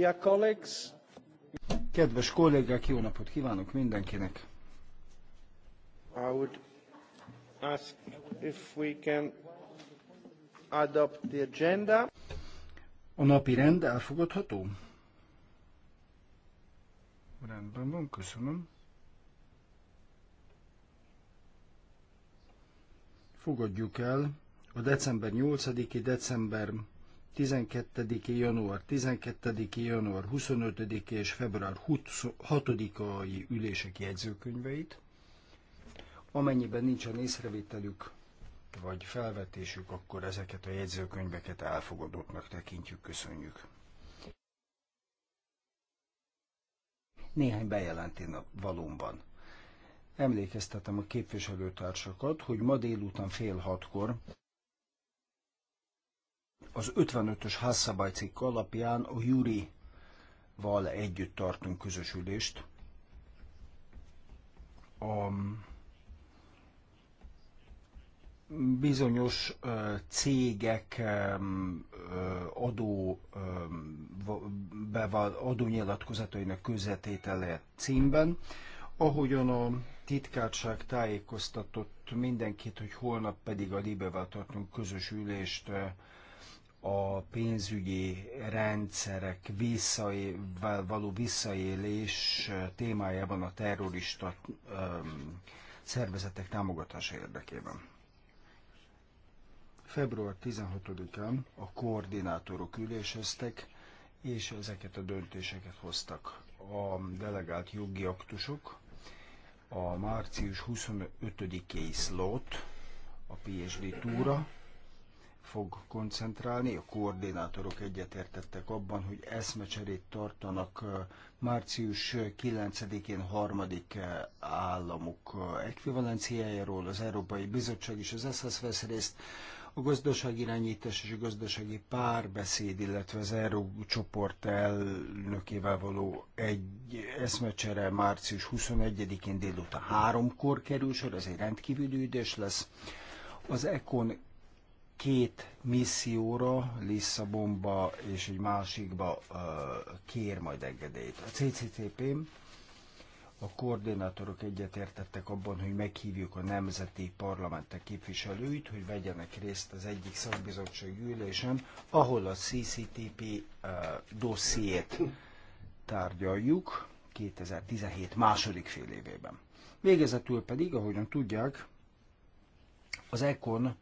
Dear colleagues. Kedves kollégák, jó napot kívánok mindenkinek! I would ask if we can adopt the agenda. A napi rend elfogadható? Rendben van, köszönöm. Fogadjuk el a december 8-i, december 12. január, 12. január 25 és február 6-ai ülések jegyzőkönyveit. Amennyiben nincsen észrevételük vagy felvetésük, akkor ezeket a jegyzőkönyveket elfogadottnak tekintjük, köszönjük. Néhány bejelentén valóban. emlékeztetem a képviselőtársakat, hogy ma délután fél hatkor az 55-ös cikk alapján a Juri-val együtt tartunk közös ülést. A bizonyos cégek adó adónyilatkozatainak közvetétele címben. Ahogyan a titkárság tájékoztatott mindenkit, hogy holnap pedig a Libével tartunk közös ülést a pénzügyi rendszerek visszaé, való visszaélés témájában a terrorista um, szervezetek támogatása érdekében. Február 16-án a koordinátorok üléseztek, és ezeket a döntéseket hoztak. A delegált jogi aktusok, a március 25-i slot, a PSD túra, fog koncentrálni. A koordinátorok egyetértettek abban, hogy eszmecserét tartanak március 9-én harmadik államok ekvivalenciájáról. Az Európai Bizottság és az SS vesz részt. A irányítás és a gazdasági párbeszéd, illetve az Euró csoport elnökével való egy eszmecsere március 21-én délután háromkor kerül sor, ez egy rendkívüli lesz. Az ECON két misszióra, Lisszabonba és egy másikba kér majd engedélyt. A cctp n a koordinátorok egyetértettek abban, hogy meghívjuk a nemzeti parlamentek képviselőit, hogy vegyenek részt az egyik szakbizottság ülésen, ahol a CCTP uh, dossziét tárgyaljuk 2017 második fél évében. Végezetül pedig, ahogyan tudják, az ECON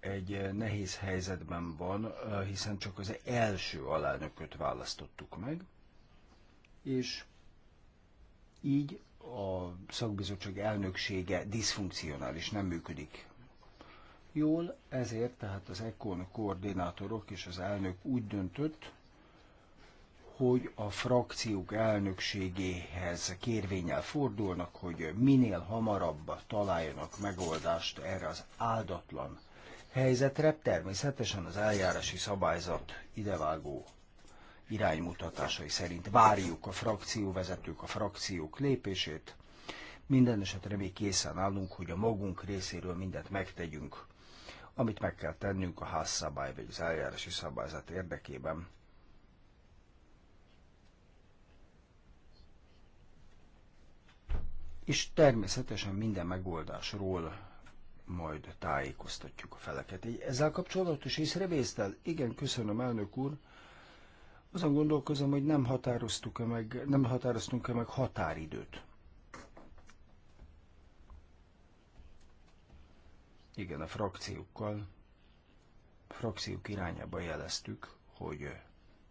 egy eh, nehéz helyzetben van, eh, hiszen csak az első alelnököt választottuk meg, és így a szakbizottság elnöksége diszfunkcionális, nem működik jól, ezért tehát az ECON koordinátorok és az elnök úgy döntött, hogy a frakciók elnökségéhez kérvényel fordulnak, hogy minél hamarabb találjanak megoldást erre az áldatlan helyzetre, természetesen az eljárási szabályzat idevágó iránymutatásai szerint várjuk a frakcióvezetők, a frakciók lépését. Minden esetre még készen állunk, hogy a magunk részéről mindent megtegyünk, amit meg kell tennünk a házszabály vagy az eljárási szabályzat érdekében. És természetesen minden megoldásról majd tájékoztatjuk a feleket. Ezzel kapcsolatos észrevésztel? Igen, köszönöm, elnök úr. Azon gondolkozom, hogy nem határoztuk-e meg, nem határoztunk-e meg határidőt. Igen, a frakciókkal, a frakciók irányába jeleztük, hogy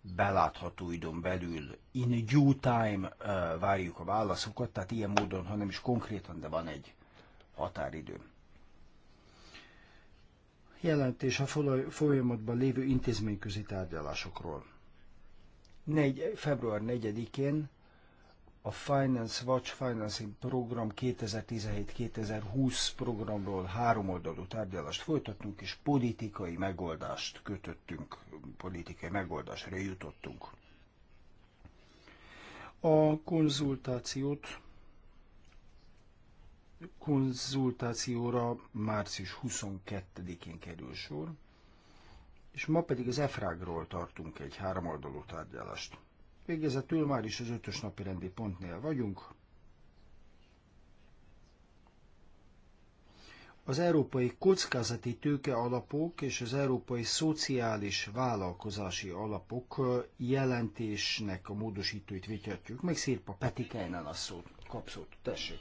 belátható időn belül in due time uh, várjuk a válaszokat, tehát ilyen módon, ha nem is konkrétan, de van egy határidő jelentés a folyamatban lévő intézményközi tárgyalásokról. 4. február 4-én a Finance Watch Financing Program 2017-2020 programról háromoldalú tárgyalást folytattunk, és politikai megoldást kötöttünk, politikai megoldásra jutottunk. A konzultációt konzultációra március 22-én kerül sor, és ma pedig az EFRÁG-ról tartunk egy háromoldalú tárgyalást. Végezetül már is az ötös napi rendi pontnél vagyunk. Az Európai Kockázati Tőke Alapok és az Európai Szociális Vállalkozási Alapok jelentésnek a módosítóit vitatjuk. Meg Szirpa Petikeinen a szót, kapszót, Tessék!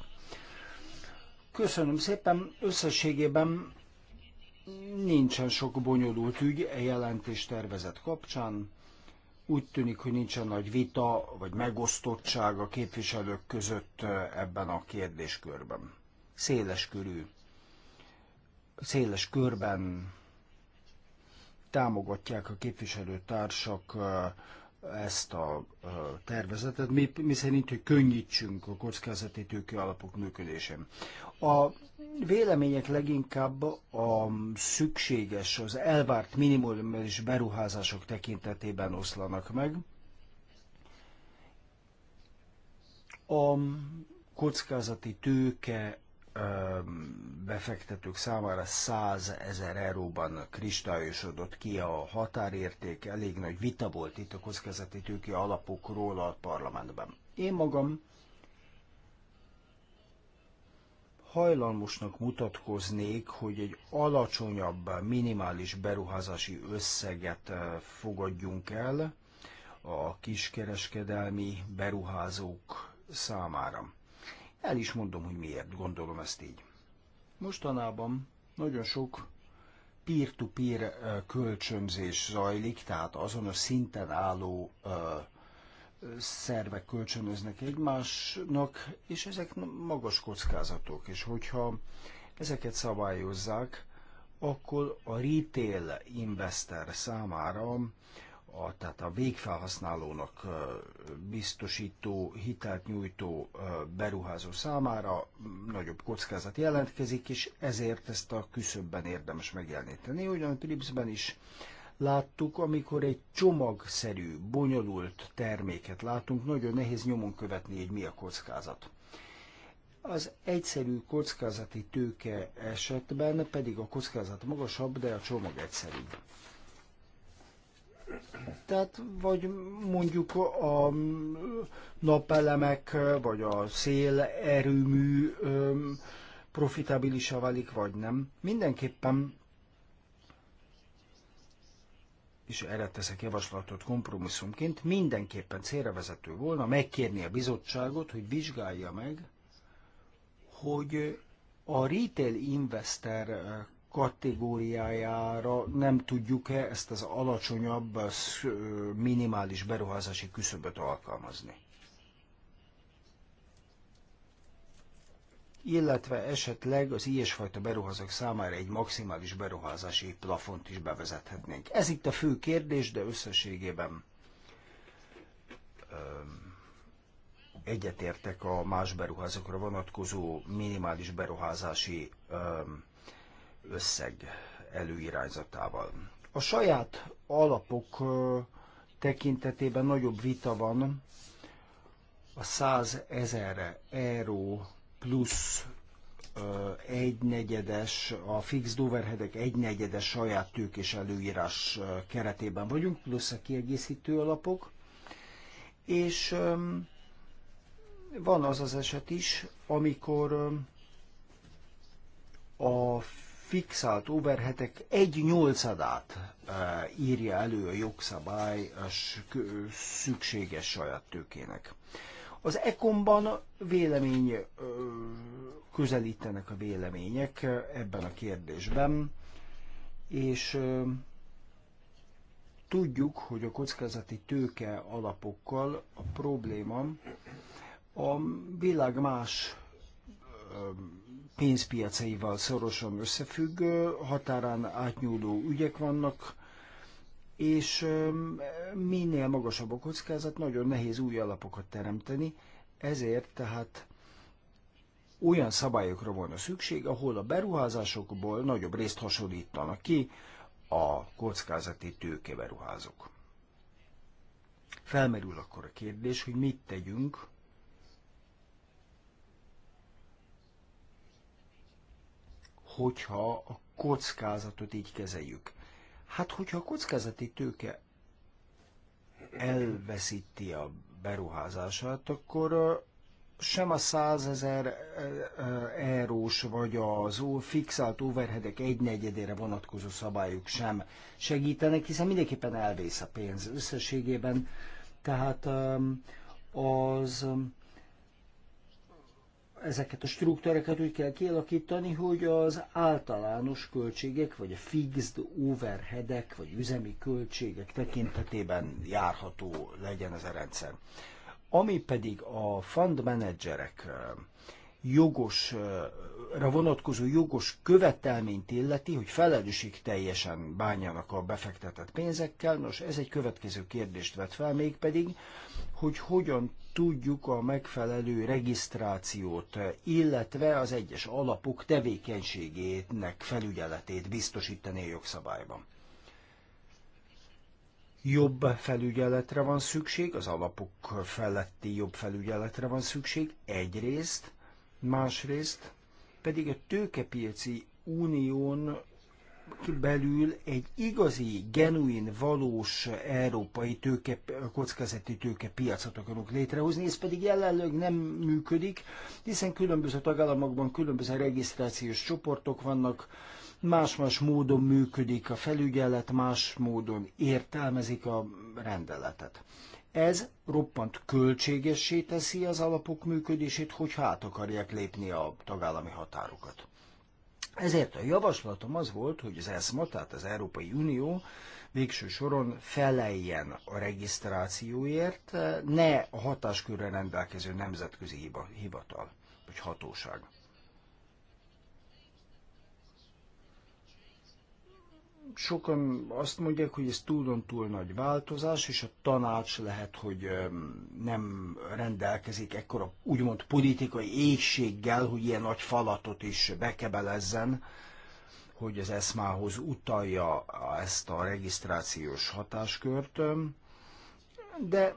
Köszönöm szépen, összességében nincsen sok bonyolult ügy a e jelentés tervezet kapcsán. Úgy tűnik, hogy nincsen nagy vita vagy megosztottság a képviselők között e, ebben a kérdéskörben. Széles körű, széles körben támogatják a képviselőtársak e, ezt a tervezetet, mi, mi szerint, hogy könnyítsünk a kockázati tőke alapok működésén. A vélemények leginkább a szükséges, az elvárt minimális beruházások tekintetében oszlanak meg. A kockázati tőke befektetők számára 100 ezer euróban kristályosodott ki a határérték. Elég nagy vita volt itt a kockázati tőki alapokról a parlamentben. Én magam hajlalmosnak mutatkoznék, hogy egy alacsonyabb, minimális beruházási összeget fogadjunk el a kiskereskedelmi beruházók számára. El is mondom, hogy miért gondolom ezt így. Mostanában nagyon sok peer-to-peer -peer kölcsönzés zajlik, tehát azonos szinten álló szervek kölcsönöznek egymásnak, és ezek magas kockázatok. És hogyha ezeket szabályozzák, akkor a retail investor számára a, tehát a végfelhasználónak biztosító, hitelt nyújtó beruházó számára nagyobb kockázat jelentkezik, és ezért ezt a küszöbben érdemes megjeleníteni. Ugyan Philipsben is láttuk, amikor egy csomagszerű, bonyolult terméket látunk, nagyon nehéz nyomon követni, hogy mi a kockázat. Az egyszerű kockázati tőke esetben pedig a kockázat magasabb, de a csomag egyszerűbb. Tehát vagy mondjuk a napelemek, vagy a erőmű profitabilisá válik, vagy nem. Mindenképpen, és erre teszek javaslatot kompromisszumként, mindenképpen célra vezető volna megkérni a bizottságot, hogy vizsgálja meg, hogy a retail investor kategóriájára nem tudjuk-e ezt az alacsonyabb, minimális beruházási küszöböt alkalmazni. illetve esetleg az ilyesfajta beruházók számára egy maximális beruházási plafont is bevezethetnénk. Ez itt a fő kérdés, de összességében egyetértek a más beruházókra vonatkozó minimális beruházási öm, összeg előirányzatával. A saját alapok tekintetében nagyobb vita van a 100 ezer euró plusz egynegyedes, a fix doverhedek egynegyedes saját tőkés előírás keretében vagyunk, plusz a kiegészítő alapok, és van az az eset is, amikor a fixált overhetek egy nyolcadát eh, írja elő a jogszabály a szükséges saját tőkének. Az ekonban vélemény eh, közelítenek a vélemények eh, ebben a kérdésben, és tudjuk, hogy a kockázati tőke alapokkal a probléma a világ más pénzpiacaival szorosan összefügg, határán átnyúló ügyek vannak, és minél magasabb a kockázat, nagyon nehéz új alapokat teremteni, ezért tehát olyan szabályokra volna szükség, ahol a beruházásokból nagyobb részt hasonlítanak ki a kockázati tőkeberuházók. Felmerül akkor a kérdés, hogy mit tegyünk hogyha a kockázatot így kezeljük. Hát, hogyha a kockázati tőke elveszíti a beruházását, akkor sem a 100 ezer eurós vagy az fixált overheadek egynegyedére vonatkozó szabályok sem segítenek, hiszen mindenképpen elvész a pénz összességében. Tehát az ezeket a struktúrákat úgy kell kialakítani, hogy az általános költségek, vagy a fixed overheadek, vagy üzemi költségek tekintetében járható legyen ez a rendszer. Ami pedig a fund managerek eh, jogosra eh, vonatkozó jogos követelményt illeti, hogy felelősség teljesen bánjanak a befektetett pénzekkel. Nos, ez egy következő kérdést vet fel, mégpedig, hogy hogyan tudjuk a megfelelő regisztrációt, illetve az egyes alapok tevékenységének felügyeletét biztosítani a jogszabályban. Jobb felügyeletre van szükség, az alapok feletti jobb felügyeletre van szükség egyrészt, másrészt pedig a tőkepiaci unión belül egy igazi, genuin, valós európai tőke, kockázati tőke piacot akarunk létrehozni, ez pedig jelenleg nem működik, hiszen különböző tagállamokban különböző regisztrációs csoportok vannak, más-más módon működik a felügyelet, más módon értelmezik a rendeletet. Ez roppant költségessé teszi az alapok működését, hogy hát akarják lépni a tagállami határokat. Ezért a javaslatom az volt, hogy az ESMA, tehát az Európai Unió végső soron feleljen a regisztrációért, ne a hatáskörre rendelkező nemzetközi hiba, hivatal vagy hatóság. sokan azt mondják, hogy ez túlon túl nagy változás, és a tanács lehet, hogy nem rendelkezik ekkora úgymond politikai éjséggel, hogy ilyen nagy falatot is bekebelezzen, hogy az eszmához utalja ezt a regisztrációs hatáskört. De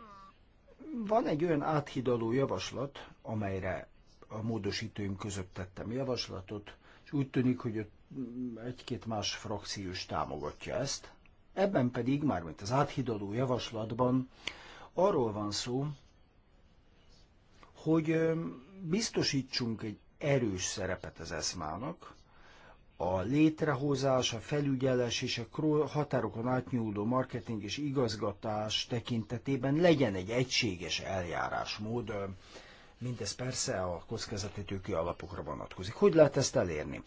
van egy olyan áthidaló javaslat, amelyre a módosítőim között tettem javaslatot, és úgy tűnik, hogy ott egy-két más frakciós támogatja ezt. Ebben pedig, mármint az áthidaló javaslatban, arról van szó, hogy biztosítsunk egy erős szerepet az eszmának, a létrehozás, a felügyelés és a határokon átnyúló marketing és igazgatás tekintetében legyen egy egységes eljárásmód Mindez persze a kockázati tőki alapokra vonatkozik. Hogy lehet ezt elérni?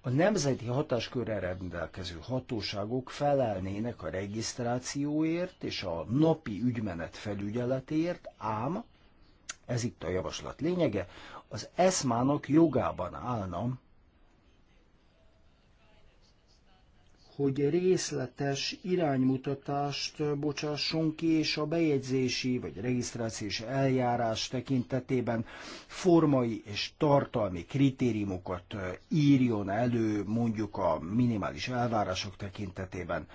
A nemzeti hatáskörre rendelkező hatóságok felelnének a regisztrációért és a napi ügymenet felügyeletért, ám, ez itt a javaslat lényege, az ESMA-nak jogában állna hogy részletes iránymutatást bocsásson ki, és a bejegyzési vagy regisztrációs eljárás tekintetében formai és tartalmi kritériumokat eh, írjon elő mondjuk a minimális elvárások tekintetében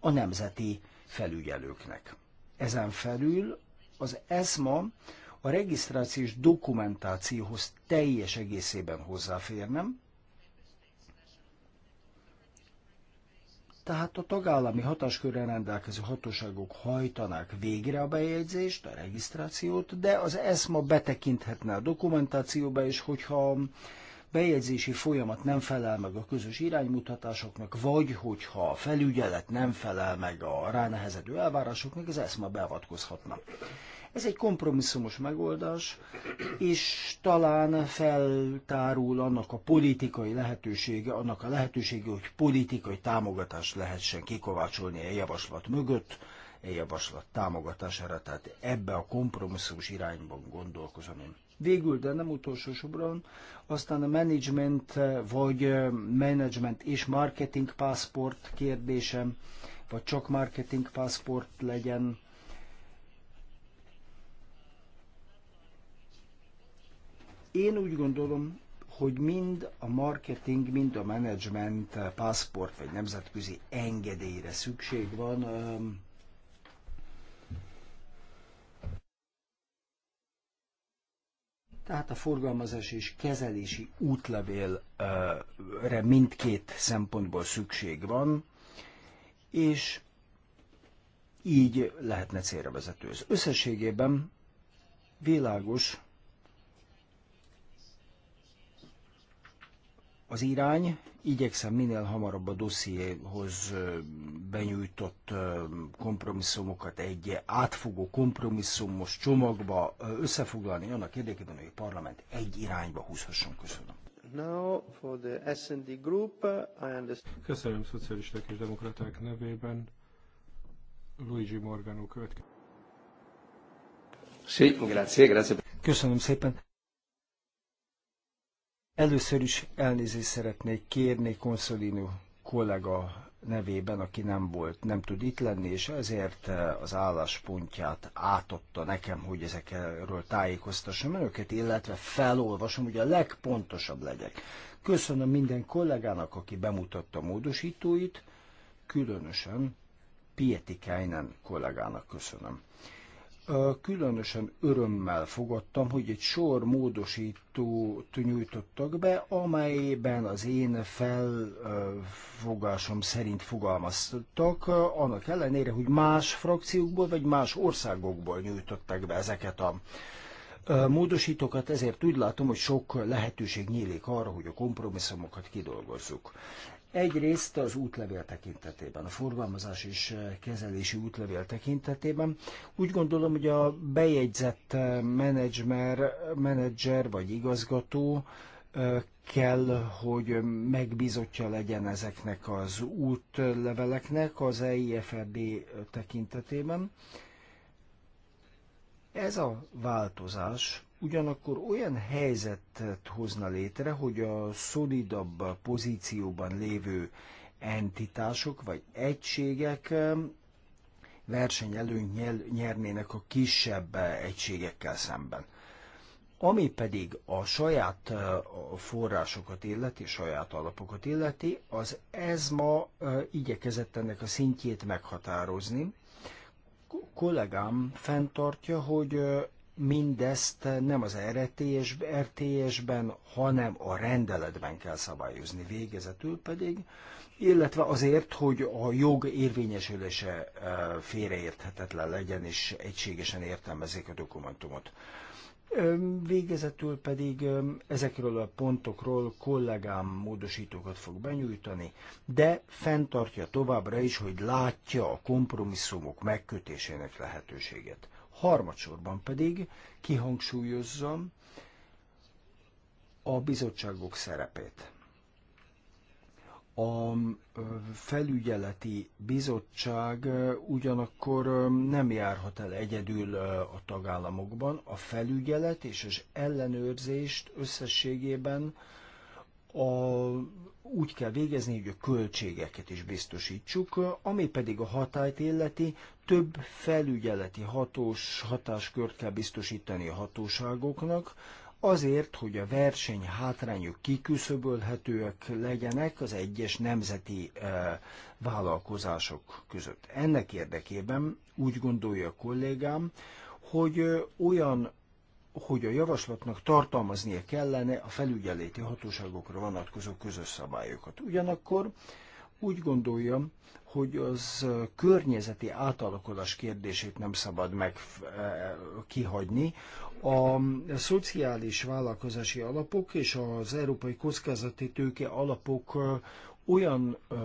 a nemzeti felügyelőknek. Ezen felül az ESMA a regisztrációs dokumentációhoz teljes egészében hozzáférnem, tehát a tagállami hatáskörrel rendelkező hatóságok hajtanák végre a bejegyzést, a regisztrációt, de az ESMA betekinthetne a dokumentációba, és hogyha a bejegyzési folyamat nem felel meg a közös iránymutatásoknak, vagy hogyha a felügyelet nem felel meg a ránehezedő elvárásoknak, az ESMA beavatkozhatna. Ez egy kompromisszumos megoldás, és talán feltárul annak a politikai lehetősége, annak a lehetősége, hogy politikai támogatást lehessen kikovácsolni a javaslat mögött, a javaslat támogatására, tehát ebbe a kompromisszumos irányban gondolkozom én. Végül, de nem utolsó sorban, aztán a management vagy management és marketing passport kérdésem, vagy csak marketing passport legyen, Én úgy gondolom, hogy mind a marketing, mind a management passport vagy nemzetközi engedélyre szükség van. Tehát a forgalmazás és kezelési útlevélre mindkét szempontból szükség van, és így lehetne célra vezető. Az összességében világos, az irány. Igyekszem minél hamarabb a dossziéhoz benyújtott kompromisszumokat egy átfogó kompromisszumos csomagba összefoglalni annak érdekében, hogy a parlament egy irányba húzhasson. Köszönöm. Now for the group, I understand. Köszönöm szocialisták és demokraták nevében. Luigi Morgano következik. Sí, grazie, grazie. Köszönöm szépen. Először is elnézést szeretnék kérni Konszolino kollega nevében, aki nem volt, nem tud itt lenni, és ezért eh, az álláspontját átadta nekem, hogy ezekről tájékoztassam önöket, illetve felolvasom, hogy a legpontosabb legyek. Köszönöm minden kollégának, aki bemutatta a módosítóit, különösen Pieti Kájnen kollégának köszönöm. Különösen örömmel fogadtam, hogy egy sor módosítót nyújtottak be, amelyben az én felfogásom szerint fogalmaztak, annak ellenére, hogy más frakciókból vagy más országokból nyújtottak be ezeket a módosítókat, ezért úgy látom, hogy sok lehetőség nyílik arra, hogy a kompromisszumokat kidolgozzuk. Egyrészt az útlevél tekintetében, a forgalmazás és kezelési útlevél tekintetében. Úgy gondolom, hogy a bejegyzett eh, menedzser, menedzser vagy igazgató eh, kell, hogy megbizotja legyen ezeknek az útleveleknek az EIFRD tekintetében. Ez a változás ugyanakkor olyan helyzetet hozna létre, hogy a szolidabb pozícióban lévő entitások vagy egységek versenyelőnyt nyernének a kisebb egységekkel szemben. Ami pedig a saját forrásokat illeti, saját alapokat illeti, az ez ma igyekezett ennek a szintjét meghatározni. Kollégám fenntartja, hogy mindezt nem az RTS, RTS-ben, hanem a rendeletben kell szabályozni végezetül pedig, illetve azért, hogy a jog érvényesülése félreérthetetlen legyen, és egységesen értelmezzék a dokumentumot. Végezetül pedig ezekről a pontokról kollégám módosítókat fog benyújtani, de fenntartja továbbra is, hogy látja a kompromisszumok megkötésének lehetőséget. Harmadsorban pedig kihangsúlyozzam a bizottságok szerepét. A felügyeleti bizottság ugyanakkor nem járhat el egyedül a tagállamokban. A felügyelet és az ellenőrzést összességében a úgy kell végezni, hogy a költségeket is biztosítsuk, ami pedig a hatályt illeti, több felügyeleti hatós hatáskört kell biztosítani a hatóságoknak, azért, hogy a verseny hátrányok kiküszöbölhetőek legyenek az egyes nemzeti e, vállalkozások között. Ennek érdekében úgy gondolja a kollégám, hogy eh, olyan hogy a javaslatnak tartalmaznia kellene a felügyeleti hatóságokra vonatkozó közös szabályokat. Ugyanakkor úgy gondoljam, hogy az környezeti átalakulás kérdését nem szabad meg eh, kihagyni. A szociális vállalkozási alapok és az európai kockázati tőke alapok eh, olyan eh,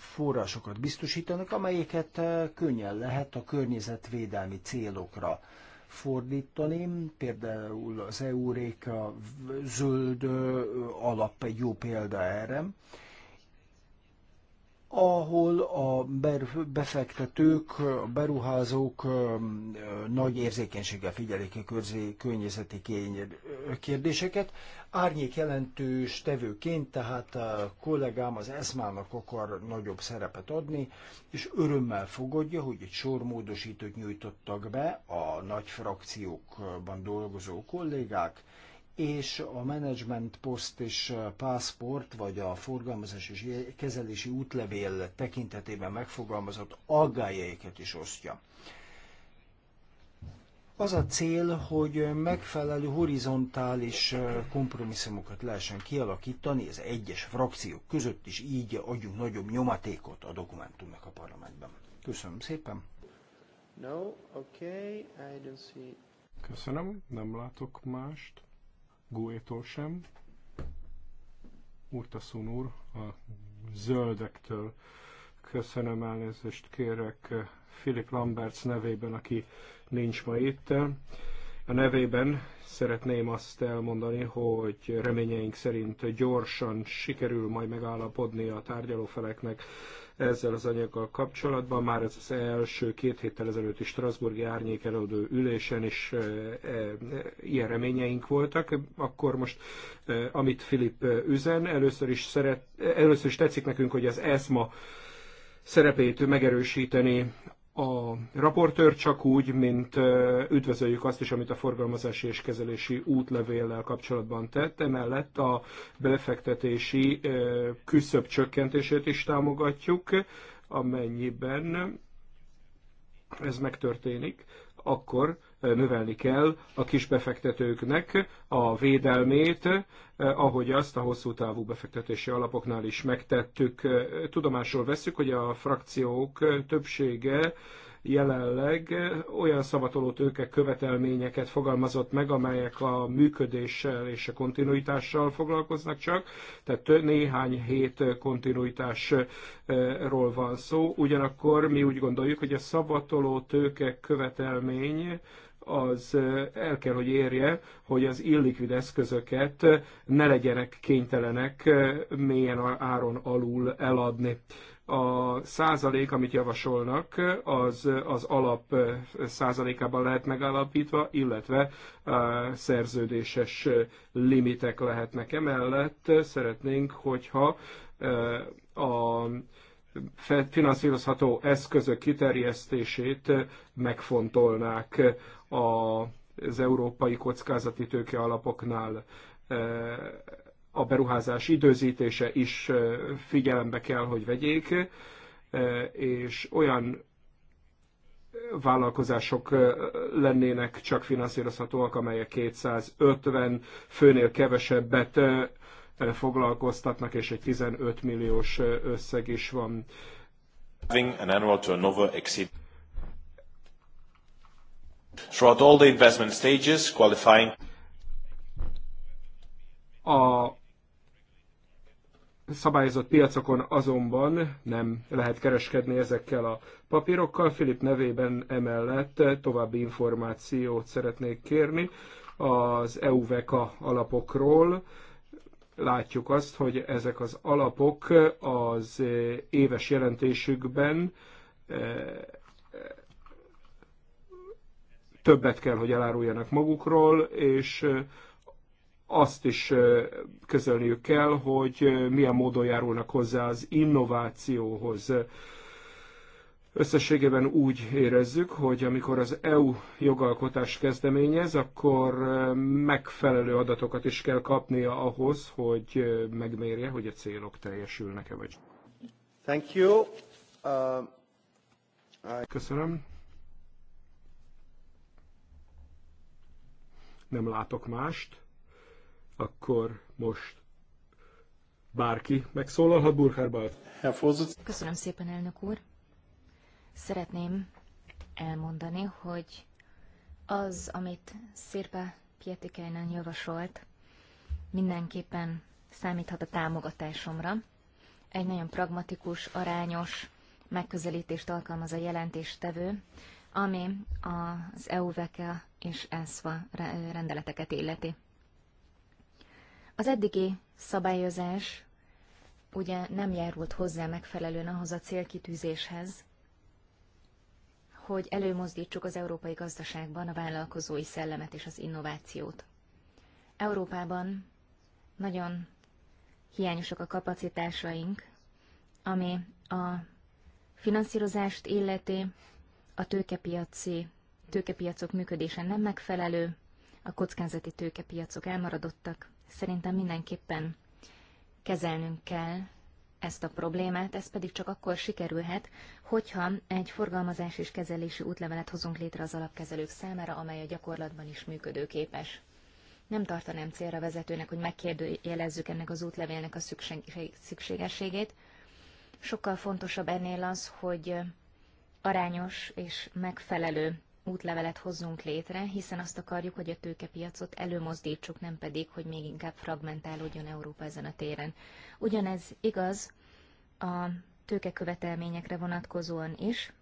forrásokat biztosítanak, amelyeket könnyen lehet a környezetvédelmi célokra fordítani, például az Euréka zöld alap egy jó példa erre, ahol a befektetők, a beruházók nagy érzékenységgel figyelik a környezeti kérdéseket. Árnyék jelentős tevőként, tehát a kollégám az ESMA-nak akar nagyobb szerepet adni, és örömmel fogadja, hogy egy sor módosítót nyújtottak be a nagy frakciókban dolgozó kollégák, és a management post és passport, vagy a forgalmazás és kezelési útlevél tekintetében megfogalmazott aggájaikat is osztja. Az a cél, hogy megfelelő horizontális kompromisszumokat lehessen kialakítani, az egyes frakciók között is így adjunk nagyobb nyomatékot a dokumentumnak a parlamentben. Köszönöm szépen. No, okay, I don't see. Köszönöm, nem látok mást. Guétól sem, Urtaszun úr, a zöldektől. Köszönöm elnézést kérek Philip Lamberts nevében, aki nincs ma itt. A nevében szeretném azt elmondani, hogy reményeink szerint gyorsan sikerül majd megállapodni a tárgyalófeleknek ezzel az anyaggal kapcsolatban. Már ez az első két héttel ezelőtti Strasburgi árnyék előadó ülésen is e, e, e, ilyen reményeink voltak. Akkor most, e, amit Filip e, üzen, először is, szeret, e, először is tetszik nekünk, hogy az ESMA szerepét megerősíteni a raportőr csak úgy, mint üdvözöljük azt is, amit a forgalmazási és kezelési útlevéllel kapcsolatban tett, emellett a befektetési küszöbb csökkentését is támogatjuk, amennyiben ez megtörténik, akkor növelni kell a kisbefektetőknek a védelmét, eh, ahogy azt a hosszú távú befektetési alapoknál is megtettük. Eh, tudomásul veszük, hogy a frakciók többsége jelenleg olyan szavatoló tőke követelményeket fogalmazott meg, amelyek a működéssel és a kontinuitással foglalkoznak csak, tehát néhány hét kontinuitásról van szó. Ugyanakkor mi úgy gondoljuk, hogy a szavatoló tőke követelmény az el kell, hogy érje, hogy az illikvid eszközöket ne legyenek kénytelenek mélyen áron alul eladni. A százalék, amit javasolnak, az az alap százalékában lehet megállapítva, illetve a szerződéses limitek lehetnek. Emellett szeretnénk, hogyha a finanszírozható eszközök kiterjesztését megfontolnák az európai kockázati tőke alapoknál e, a beruházás időzítése is e, figyelembe kell, hogy vegyék, e, és olyan vállalkozások lennének csak finanszírozhatóak, amelyek 250 főnél kevesebbet foglalkoztatnak, és egy 15 milliós összeg is van. Having an annual turnover exceed Throughout all the investment stages, qualifying a szabályozott piacokon azonban nem lehet kereskedni ezekkel a papírokkal. Filip nevében emellett további információt szeretnék kérni az EUVECA alapokról. Látjuk azt, hogy ezek az alapok az éves jelentésükben többet kell, hogy eláruljanak magukról, és azt is közölniük kell, hogy milyen módon járulnak hozzá az innovációhoz. Összességében úgy érezzük, hogy amikor az EU jogalkotás kezdeményez, akkor megfelelő adatokat is kell kapnia ahhoz, hogy megmérje, hogy a célok teljesülnek-e vagy. Thank you. Uh, I... Köszönöm. nem látok mást, akkor most bárki megszólalhat Burkhard Köszönöm szépen, elnök úr. Szeretném elmondani, hogy az, amit Szirpa Pietikeinen javasolt, mindenképpen számíthat a támogatásomra. Egy nagyon pragmatikus, arányos megközelítést alkalmaz a jelentéstevő, ami az EU-veke és ESZVA rendeleteket illeti. Az eddigi szabályozás ugye nem járult hozzá megfelelően ahhoz a célkitűzéshez, hogy előmozdítsuk az európai gazdaságban a vállalkozói szellemet és az innovációt. Európában nagyon hiányosak a kapacitásaink, ami a finanszírozást illeti, a tőkepiaci, tőkepiacok működése nem megfelelő, a kockázati tőkepiacok elmaradottak. Szerintem mindenképpen kezelnünk kell ezt a problémát, ez pedig csak akkor sikerülhet, hogyha egy forgalmazás és kezelési útlevelet hozunk létre az alapkezelők számára, amely a gyakorlatban is működőképes. Nem tartanám célra vezetőnek, hogy megkérdőjelezzük ennek az útlevélnek a szükségességét. Sokkal fontosabb ennél az, hogy arányos és megfelelő útlevelet hozzunk létre, hiszen azt akarjuk, hogy a tőkepiacot előmozdítsuk, nem pedig, hogy még inkább fragmentálódjon Európa ezen a téren. Ugyanez igaz a tőkekövetelményekre vonatkozóan is.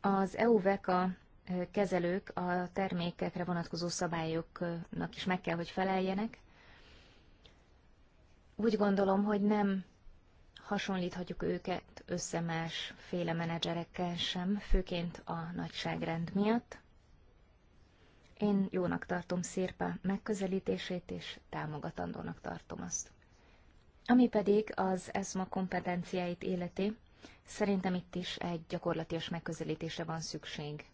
Az EU-vek a kezelők a termékekre vonatkozó szabályoknak is meg kell, hogy feleljenek. Úgy gondolom, hogy nem hasonlíthatjuk őket össze féle menedzserekkel sem, főként a nagyságrend miatt. Én jónak tartom Szirpa megközelítését, és támogatandónak tartom azt. Ami pedig az ESMA kompetenciáit életi, szerintem itt is egy gyakorlatias megközelítésre van szükség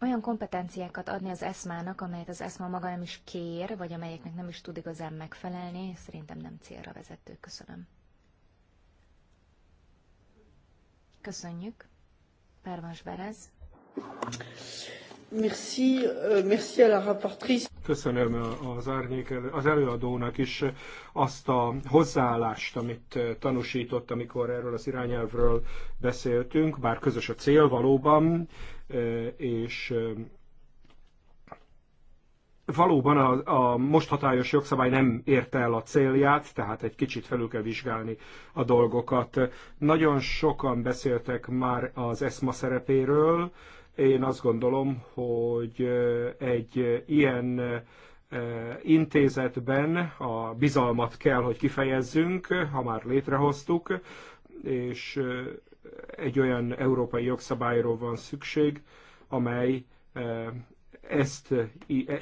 olyan kompetenciákat adni az eszmának, amelyet az eszma maga nem is kér, vagy amelyeknek nem is tud igazán megfelelni, szerintem nem célra vezető. Köszönöm. Köszönjük. Pervas Berez. Merci, euh, merci à la rapportrice. Köszönöm az, árnyék, az előadónak is azt a hozzáállást, amit tanúsított, amikor erről az irányelvről beszéltünk, bár közös a cél valóban, és valóban a, a most hatályos jogszabály nem érte el a célját, tehát egy kicsit felül kell vizsgálni a dolgokat. Nagyon sokan beszéltek már az ESMA szerepéről. Én azt gondolom, hogy egy ilyen intézetben a bizalmat kell, hogy kifejezzünk, ha már létrehoztuk, és egy olyan európai jogszabályról van szükség, amely e, ezt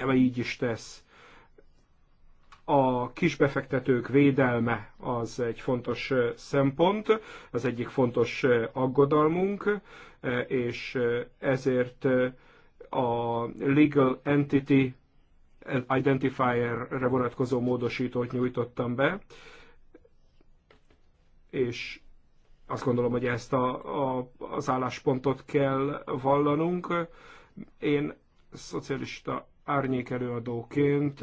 amely így is tesz. A kisbefektetők védelme az egy fontos e, szempont, az egyik fontos e, aggodalmunk, és ezért a Legal Entity Identifier-re vonatkozó módosítót nyújtottam be, és azt gondolom, hogy ezt a, a, az álláspontot kell vallanunk. Én szocialista árnyék előadóként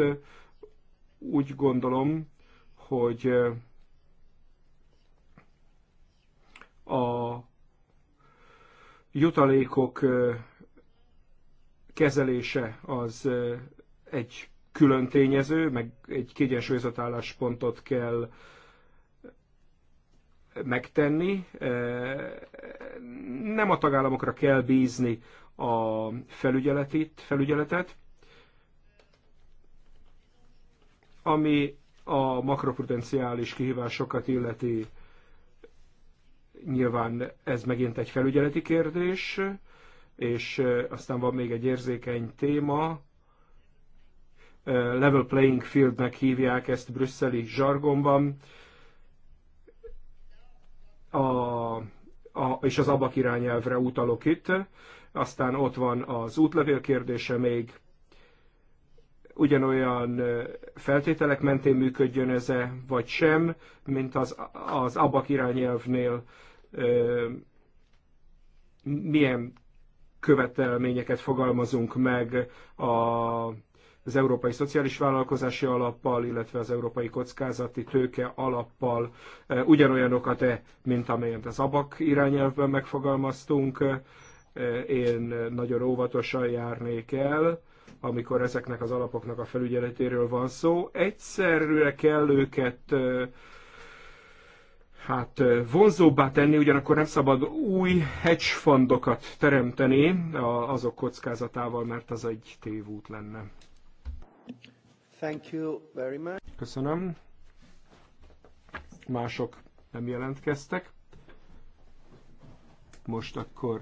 úgy gondolom, hogy a jutalékok kezelése az egy külön tényező, meg egy kiegyensúlyozott álláspontot kell megtenni. Nem a tagállamokra kell bízni a felügyeletet, ami a makroprudenciális kihívásokat illeti nyilván ez megint egy felügyeleti kérdés, és aztán van még egy érzékeny téma, level playing fieldnek hívják ezt brüsszeli zsargonban, a, a, és az abak irányelvre utalok itt, aztán ott van az útlevél kérdése még, ugyanolyan feltételek mentén működjön ez -e, vagy sem, mint az, az abak irányelvnél milyen követelményeket fogalmazunk meg a az Európai Szociális Vállalkozási Alappal, illetve az Európai Kockázati Tőke Alappal e, ugyanolyanokat-e, mint amelyet az ABAK irányelvben megfogalmaztunk. E, én nagyon óvatosan járnék el, amikor ezeknek az alapoknak a felügyeletéről van szó. Egyszerűre kell őket e, hát vonzóbbá tenni, ugyanakkor nem szabad új hedge fundokat teremteni azok kockázatával, mert az egy tévút lenne. Thank you very much. Köszönöm. Mások nem jelentkeztek. Most akkor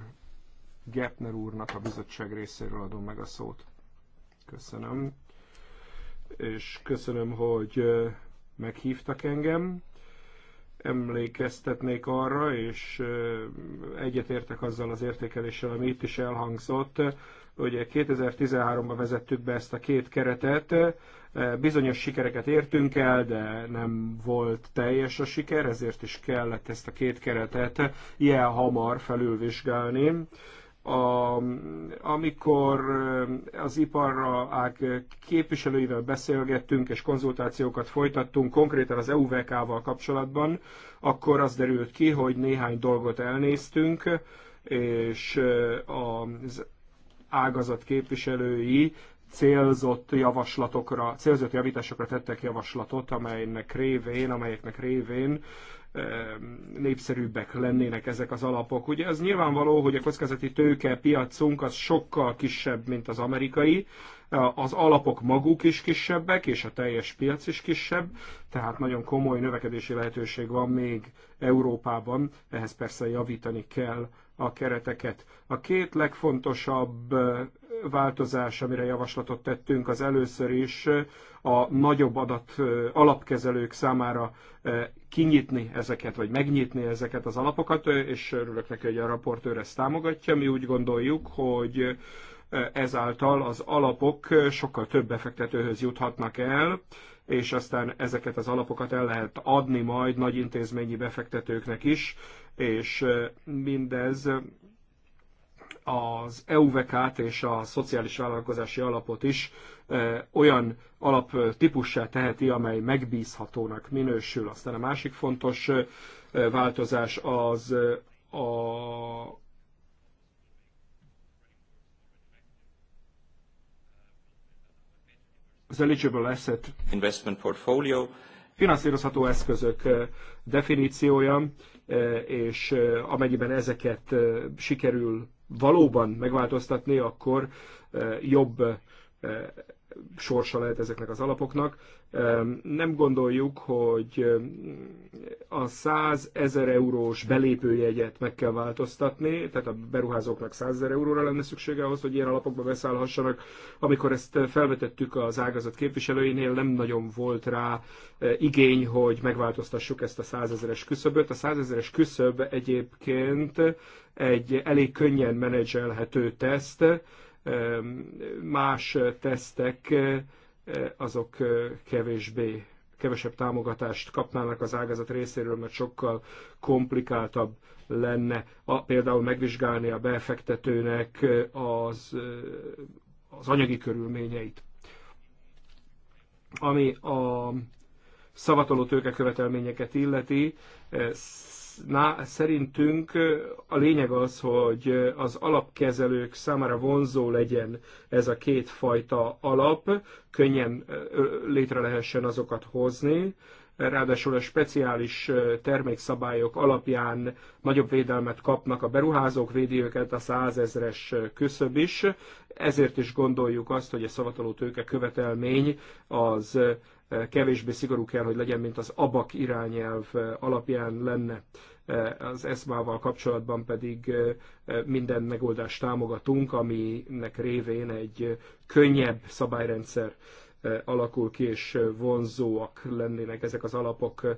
Gepner úrnak a bizottság részéről adom meg a szót. Köszönöm. És köszönöm, hogy meghívtak engem. Emlékeztetnék arra, és egyetértek azzal az értékeléssel, ami itt is elhangzott. hogy 2013-ban vezettük be ezt a két keretet, Bizonyos sikereket értünk el, de nem volt teljes a siker, ezért is kellett ezt a két keretet ilyen hamar felülvizsgálni. A, amikor eh, az iparra iparág képviselőivel beszélgettünk és konzultációkat folytattunk konkrétan az EUVK-val kapcsolatban, akkor az derült ki, hogy néhány dolgot elnéztünk, és eh, az ágazat képviselői célzott javaslatokra, célzott javításokra tettek javaslatot, amelynek révén, amelyeknek révén eh, népszerűbbek lennének ezek az alapok. Ugye ez nyilvánvaló, hogy a kockázati tőke piacunk az sokkal kisebb, mint az amerikai, az alapok maguk is kisebbek, és a teljes piac is kisebb, tehát nagyon komoly növekedési lehetőség van még Európában, ehhez persze javítani kell a kereteket. A két legfontosabb változás, amire javaslatot tettünk, az először is a nagyobb adat alapkezelők számára kinyitni ezeket, vagy megnyitni ezeket az alapokat, és örülök neki, hogy a raportőr ezt támogatja. Mi úgy gondoljuk, hogy ezáltal az alapok sokkal több befektetőhöz juthatnak el, és aztán ezeket az alapokat el lehet adni majd nagy intézményi befektetőknek is, és mindez az EUVK-t és a szociális vállalkozási alapot is olyan alap típussá teheti, amely megbízhatónak minősül. Aztán a másik fontos változás az a az eligible asset investment portfolio, finanszírozható eszközök eh, definíciója, eh, és eh, amennyiben ezeket sikerül valóban megváltoztatni, akkor jobb sorsa lehet ezeknek az alapoknak. Nem gondoljuk, hogy a 100 ezer eurós belépőjegyet meg kell változtatni, tehát a beruházóknak 100 ezer euróra lenne szüksége ahhoz, hogy ilyen alapokba beszállhassanak. Amikor ezt eh, felvetettük az ágazat képviselőinél, nem nagyon volt rá eh, igény, hogy megváltoztassuk ezt a 100 ezeres küszöböt. A 100 ezeres küszöb egyébként egy elég könnyen menedzselhető teszt, Más tesztek azok kevésbé, kevesebb támogatást kapnának az ágazat részéről, mert sokkal komplikáltabb lenne a, például megvizsgálni a befektetőnek az, az anyagi körülményeit. Ami a szavatoló követelményeket illeti, na, szerintünk a lényeg az, hogy az alapkezelők számára vonzó legyen ez a két fajta alap, könnyen létre lehessen azokat hozni, ráadásul a speciális termékszabályok alapján nagyobb védelmet kapnak a beruházók, védi őket a százezres küszöb is, ezért is gondoljuk azt, hogy a szavataló tőke követelmény az kevésbé szigorú kell, hogy legyen, mint az ABAK irányelv alapján lenne. Az ESMA-val kapcsolatban pedig minden megoldást támogatunk, aminek révén egy könnyebb szabályrendszer alakul ki, és vonzóak lennének ezek az alapok.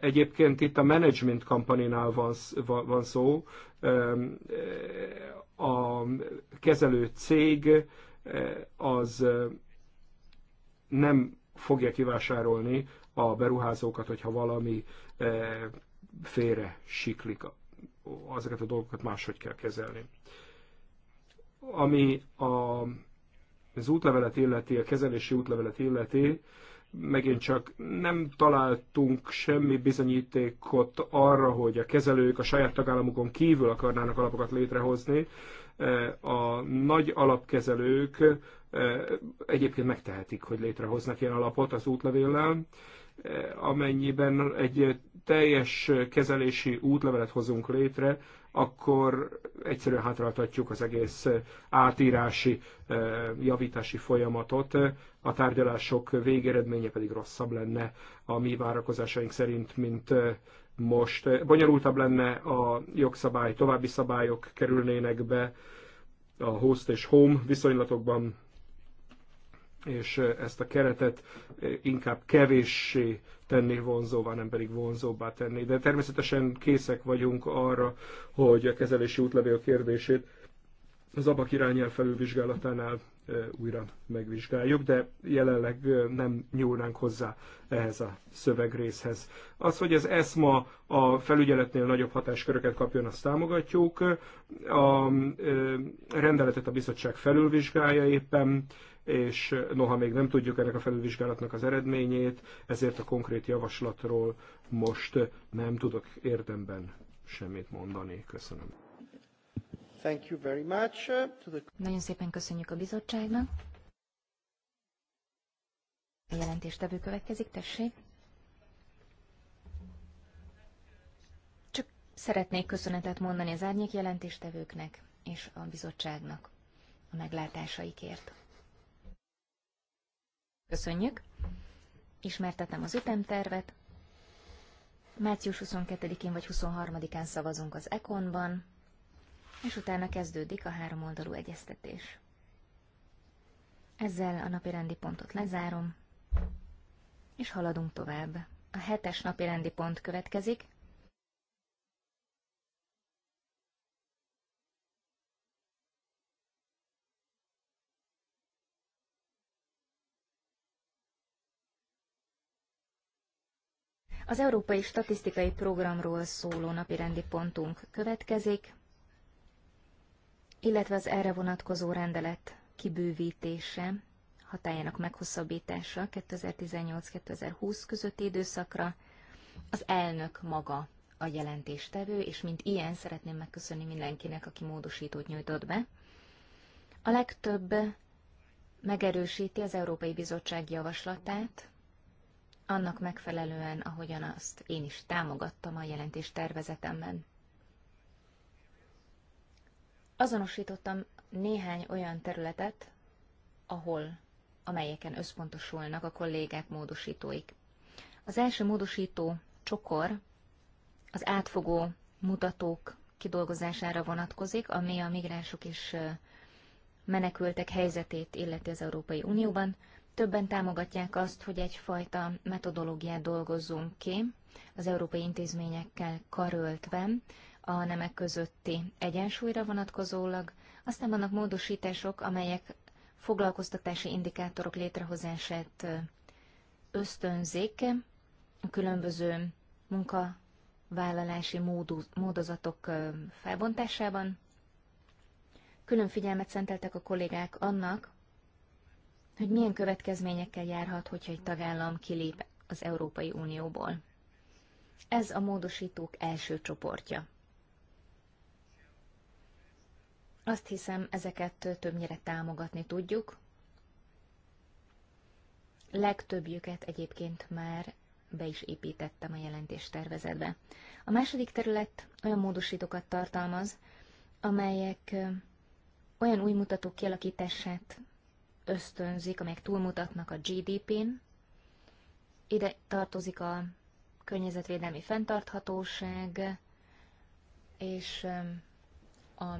Egyébként itt a management kampaninál van, van szó, a kezelő cég az nem fogja kivásárolni a beruházókat, hogyha valami e, félre siklik. Azokat a dolgokat máshogy kell kezelni. Ami a, az útlevelet illeti, a kezelési útlevelet illeti, megint csak nem találtunk semmi bizonyítékot arra, hogy a kezelők a saját tagállamukon kívül akarnának alapokat létrehozni a nagy alapkezelők egyébként megtehetik, hogy létrehoznak ilyen alapot az útlevéllel, amennyiben egy teljes kezelési útlevelet hozunk létre, akkor egyszerűen hátráltatjuk az egész átírási, javítási folyamatot, a tárgyalások végeredménye pedig rosszabb lenne a mi várakozásaink szerint, mint most. Eh, bonyolultabb lenne a jogszabály, további szabályok kerülnének be a host és home viszonylatokban, és eh, ezt a keretet eh, inkább kevéssé tenni vonzóvá, nem pedig vonzóbbá tenni. De természetesen készek vagyunk arra, hogy a kezelési útlevél kérdését az abak irányel felülvizsgálatánál újra megvizsgáljuk, de jelenleg nem nyúlnánk hozzá ehhez a szövegrészhez. Az, hogy az ESMA a felügyeletnél nagyobb hatásköröket kapjon, azt támogatjuk. A rendeletet a bizottság felülvizsgálja éppen, és noha még nem tudjuk ennek a felülvizsgálatnak az eredményét, ezért a konkrét javaslatról most nem tudok érdemben semmit mondani. Köszönöm. Thank you very much uh, to the... Nagyon szépen köszönjük a bizottságnak. A jelentéstevő következik, tessék. Csak szeretnék köszönetet mondani az árnyék jelentéstevőknek és a bizottságnak a meglátásaikért. Köszönjük. Ismertetem az ütemtervet. Március 22-én vagy 23-án szavazunk az Ekonban, és utána kezdődik a háromoldalú egyeztetés. Ezzel a napirendi pontot lezárom, és haladunk tovább. A hetes napirendi pont következik, Az Európai Statisztikai Programról szóló napirendi pontunk következik illetve az erre vonatkozó rendelet kibővítése, hatájának meghosszabbítása 2018-2020 közötti időszakra. Az elnök maga a jelentéstevő, és mint ilyen szeretném megköszönni mindenkinek, aki módosítót nyújtott be. A legtöbb megerősíti az Európai Bizottság javaslatát, annak megfelelően, ahogyan azt én is támogattam a jelentés tervezetemben. Azonosítottam néhány olyan területet, ahol, amelyeken összpontosulnak a kollégák módosítóik. Az első módosító csokor az átfogó mutatók kidolgozására vonatkozik, ami a migránsok és menekültek helyzetét illeti az Európai Unióban. Többen támogatják azt, hogy egyfajta metodológiát dolgozzunk ki az európai intézményekkel karöltve, a nemek közötti egyensúlyra vonatkozólag, aztán vannak módosítások, amelyek foglalkoztatási indikátorok létrehozását ösztönzik a különböző munkavállalási módú, módozatok felbontásában. Külön figyelmet szenteltek a kollégák annak, hogy milyen következményekkel járhat, hogyha egy tagállam kilép az Európai Unióból. Ez a módosítók első csoportja. Azt hiszem, ezeket többnyire támogatni tudjuk. Legtöbbjüket egyébként már be is építettem a jelentés tervezetbe. A második terület olyan módosítókat tartalmaz, amelyek olyan új mutatók kialakítását ösztönzik, amelyek túlmutatnak a GDP-n. Ide tartozik a környezetvédelmi fenntarthatóság és a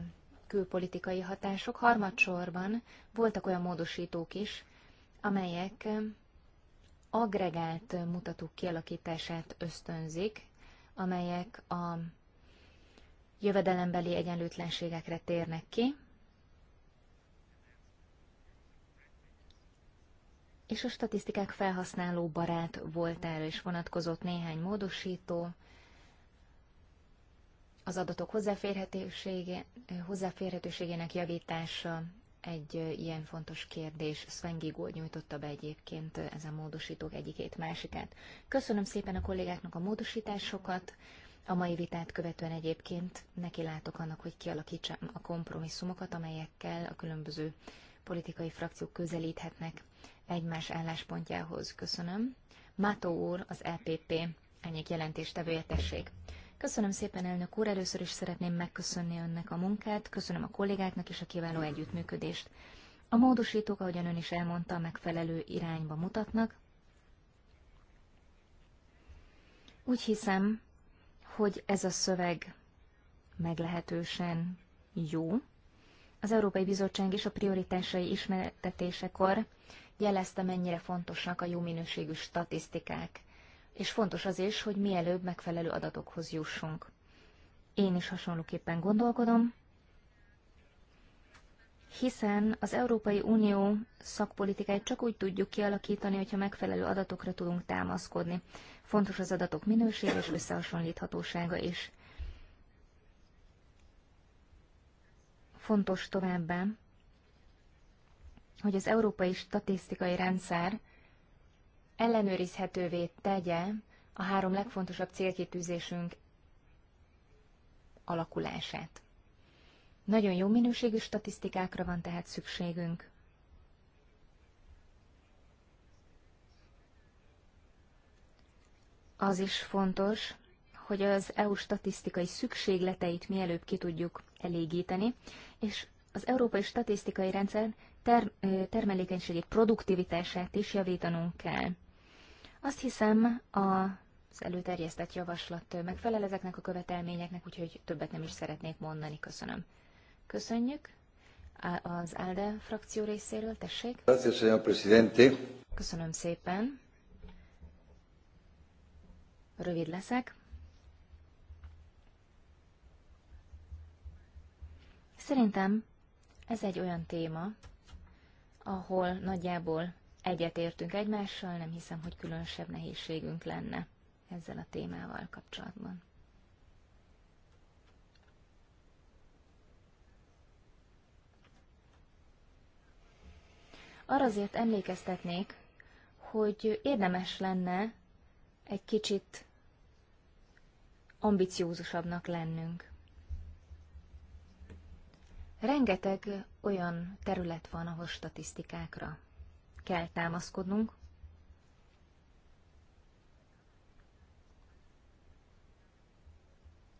külpolitikai hatások. Harmadsorban voltak olyan módosítók is, amelyek agregált mutatók kialakítását ösztönzik, amelyek a jövedelembeli egyenlőtlenségekre térnek ki, és a statisztikák felhasználó barát voltára is vonatkozott néhány módosító, az adatok hozzáférhetősége, hozzáférhetőségének javítása egy ilyen fontos kérdés. Sven Gigó nyújtotta be egyébként ezen módosítók egyikét, másikát. Köszönöm szépen a kollégáknak a módosításokat. A mai vitát követően egyébként neki látok annak, hogy kialakítsam a kompromisszumokat, amelyekkel a különböző politikai frakciók közelíthetnek egymás álláspontjához. Köszönöm. Mátó úr, az LPP, e ennyi tevője tessék. Köszönöm szépen, elnök úr, először is szeretném megköszönni önnek a munkát, köszönöm a kollégáknak és a kiváló együttműködést. A módosítók, ahogyan ön is elmondta, megfelelő irányba mutatnak. Úgy hiszem, hogy ez a szöveg meglehetősen jó. Az Európai Bizottság is a prioritásai ismertetésekor jelezte, mennyire fontosak a jó minőségű statisztikák és fontos az is, hogy mielőbb megfelelő adatokhoz jussunk. Én is hasonlóképpen gondolkodom, hiszen az Európai Unió szakpolitikáit csak úgy tudjuk kialakítani, hogyha megfelelő adatokra tudunk támaszkodni. Fontos az adatok minősége és összehasonlíthatósága is. Fontos továbbá, hogy az európai statisztikai rendszer ellenőrizhetővé tegye a három legfontosabb célkitűzésünk alakulását. Nagyon jó minőségű statisztikákra van tehát szükségünk. Az is fontos, hogy az EU statisztikai szükségleteit mielőbb ki tudjuk elégíteni, és az európai statisztikai rendszer ter- termelékenységi produktivitását is javítanunk kell. Azt hiszem, az előterjesztett javaslat megfelel ezeknek a követelményeknek, úgyhogy többet nem is szeretnék mondani. Köszönöm. Köszönjük. Az ALDE frakció részéről, tessék. Köszönöm szépen. Rövid leszek. Szerintem ez egy olyan téma, ahol nagyjából egyetértünk egymással, nem hiszem, hogy különösebb nehézségünk lenne ezzel a témával kapcsolatban. Arra azért emlékeztetnék, hogy érdemes lenne egy kicsit ambiciózusabbnak lennünk. Rengeteg olyan terület van, ahol statisztikákra kell támaszkodnunk.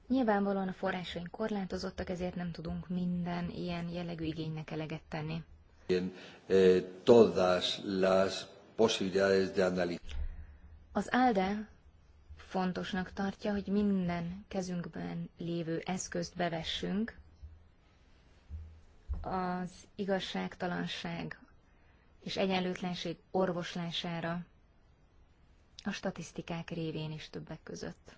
Nyilvánvalóan a forrásaink korlátozottak, ezért nem tudunk minden ilyen jellegű igénynek eleget tenni. Eh, az ALDE fontosnak tartja, hogy minden kezünkben lévő eszközt bevessünk az igazságtalanság és egyenlőtlenség orvoslására a statisztikák révén is többek között.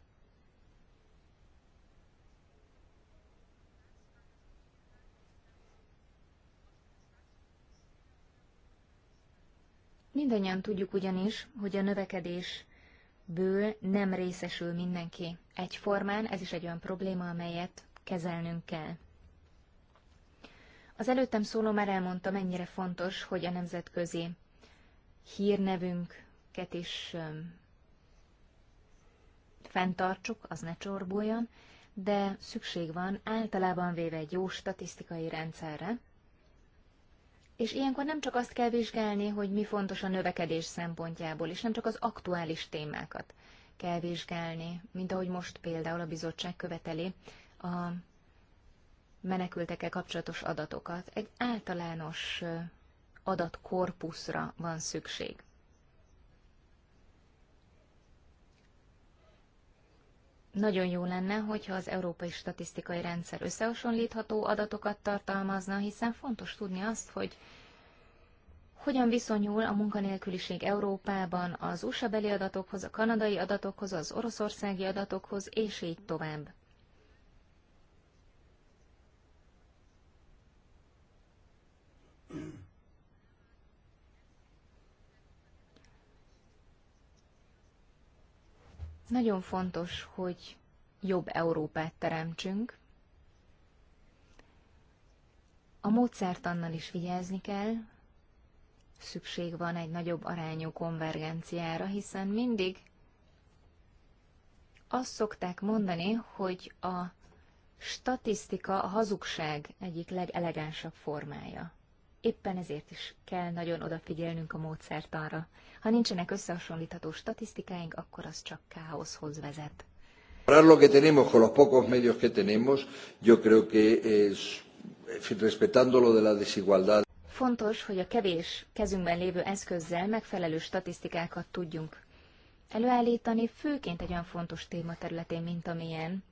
Mindannyian tudjuk ugyanis, hogy a növekedésből nem részesül mindenki egyformán, ez is egy olyan probléma, amelyet kezelnünk kell. Az előttem szóló már elmondta, mennyire fontos, hogy a nemzetközi hírnevünket is fenntartsuk, az ne csorbuljon, de szükség van általában véve egy jó statisztikai rendszerre, és ilyenkor nem csak azt kell vizsgálni, hogy mi fontos a növekedés szempontjából, és nem csak az aktuális témákat kell vizsgálni, mint ahogy most például a bizottság követeli a menekültekkel kapcsolatos adatokat. Egy általános adatkorpuszra van szükség. Nagyon jó lenne, hogyha az európai statisztikai rendszer összehasonlítható adatokat tartalmazna, hiszen fontos tudni azt, hogy hogyan viszonyul a munkanélküliség Európában az USA beli adatokhoz, a kanadai adatokhoz, az oroszországi adatokhoz, és így tovább. Nagyon fontos, hogy jobb Európát teremtsünk. A módszertannal is vigyázni kell, szükség van egy nagyobb arányú konvergenciára, hiszen mindig azt szokták mondani, hogy a statisztika a hazugság egyik legelegánsabb formája. Éppen ezért is kell nagyon odafigyelnünk a módszertanra. Ha nincsenek összehasonlítható statisztikáink, akkor az csak káoszhoz vezet. lo que tenemos con los pocos medios que tenemos, yo creo que es, respetando lo de la desigualdad. Fontos, hogy a kevés kezünkben lévő eszközzel megfelelő statisztikákat tudjunk előállítani, főként egy olyan fontos téma területén, mint amilyen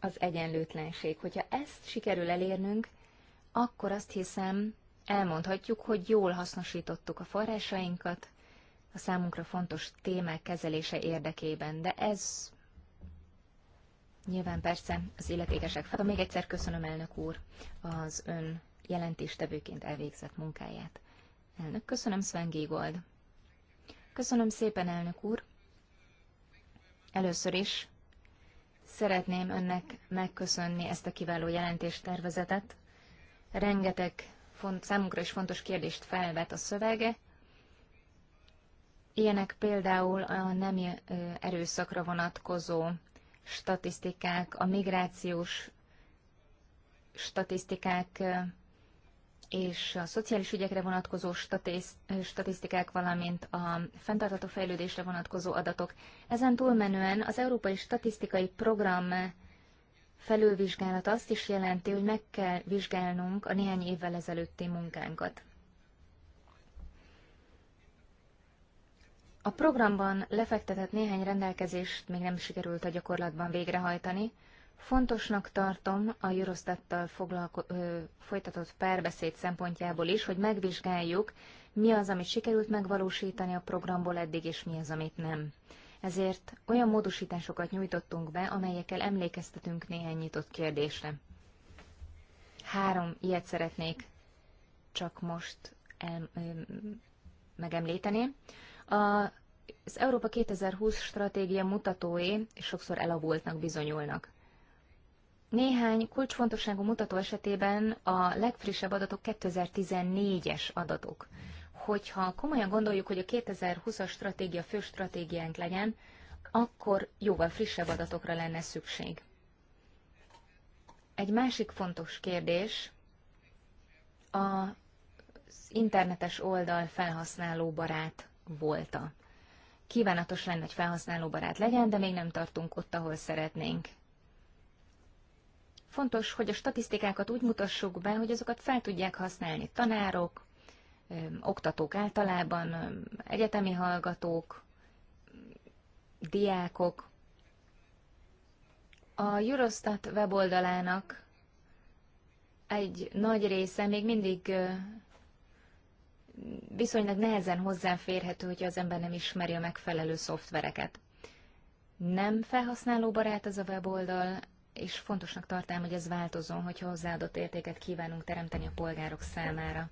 az egyenlőtlenség. Hogyha ezt sikerül elérnünk, akkor azt hiszem, elmondhatjuk, hogy jól hasznosítottuk a forrásainkat a számunkra fontos témák kezelése érdekében, de ez nyilván persze az illetékesek fel. Még egyszer köszönöm, elnök úr, az ön jelentéstevőként elvégzett munkáját. Elnök, köszönöm, Sven Giegold. Köszönöm szépen, elnök úr. Először is szeretném önnek megköszönni ezt a kiváló jelentéstervezetet. Rengeteg font, számunkra is fontos kérdést felvet a szövege. Ilyenek például a nemi erőszakra vonatkozó statisztikák, a migrációs statisztikák és a szociális ügyekre vonatkozó statisztikák, valamint a fenntartható fejlődésre vonatkozó adatok. Ezen túlmenően az Európai Statisztikai Program felülvizsgálat azt is jelenti, hogy meg kell vizsgálnunk a néhány évvel ezelőtti munkánkat. A programban lefektetett néhány rendelkezést még nem sikerült a gyakorlatban végrehajtani. Fontosnak tartom a Eurostattal foglalko- ö, folytatott párbeszéd szempontjából is, hogy megvizsgáljuk, mi az, amit sikerült megvalósítani a programból eddig, és mi az, amit nem ezért olyan módosításokat nyújtottunk be, amelyekkel emlékeztetünk néhány nyitott kérdésre. Három ilyet szeretnék csak most el, ö, megemlíteni. A, az Európa 2020 stratégia mutatói sokszor elavultnak bizonyulnak. Néhány kulcsfontosságú mutató esetében a legfrissebb adatok 2014-es adatok hogyha komolyan gondoljuk, hogy a 2020-as stratégia fő stratégiánk legyen, akkor jóval frissebb adatokra lenne szükség. Egy másik fontos kérdés az internetes oldal felhasználó barát volta. Kívánatos lenne, hogy felhasználó barát legyen, de még nem tartunk ott, ahol szeretnénk. Fontos, hogy a statisztikákat úgy mutassuk be, hogy azokat fel tudják használni tanárok, oktatók általában, egyetemi hallgatók, diákok. A Eurostat weboldalának egy nagy része még mindig viszonylag nehezen hozzáférhető, hogyha az ember nem ismeri a megfelelő szoftvereket. Nem felhasználóbarát ez a weboldal, és fontosnak tartám, hogy ez változon, hogyha hozzáadott értéket kívánunk teremteni a polgárok számára.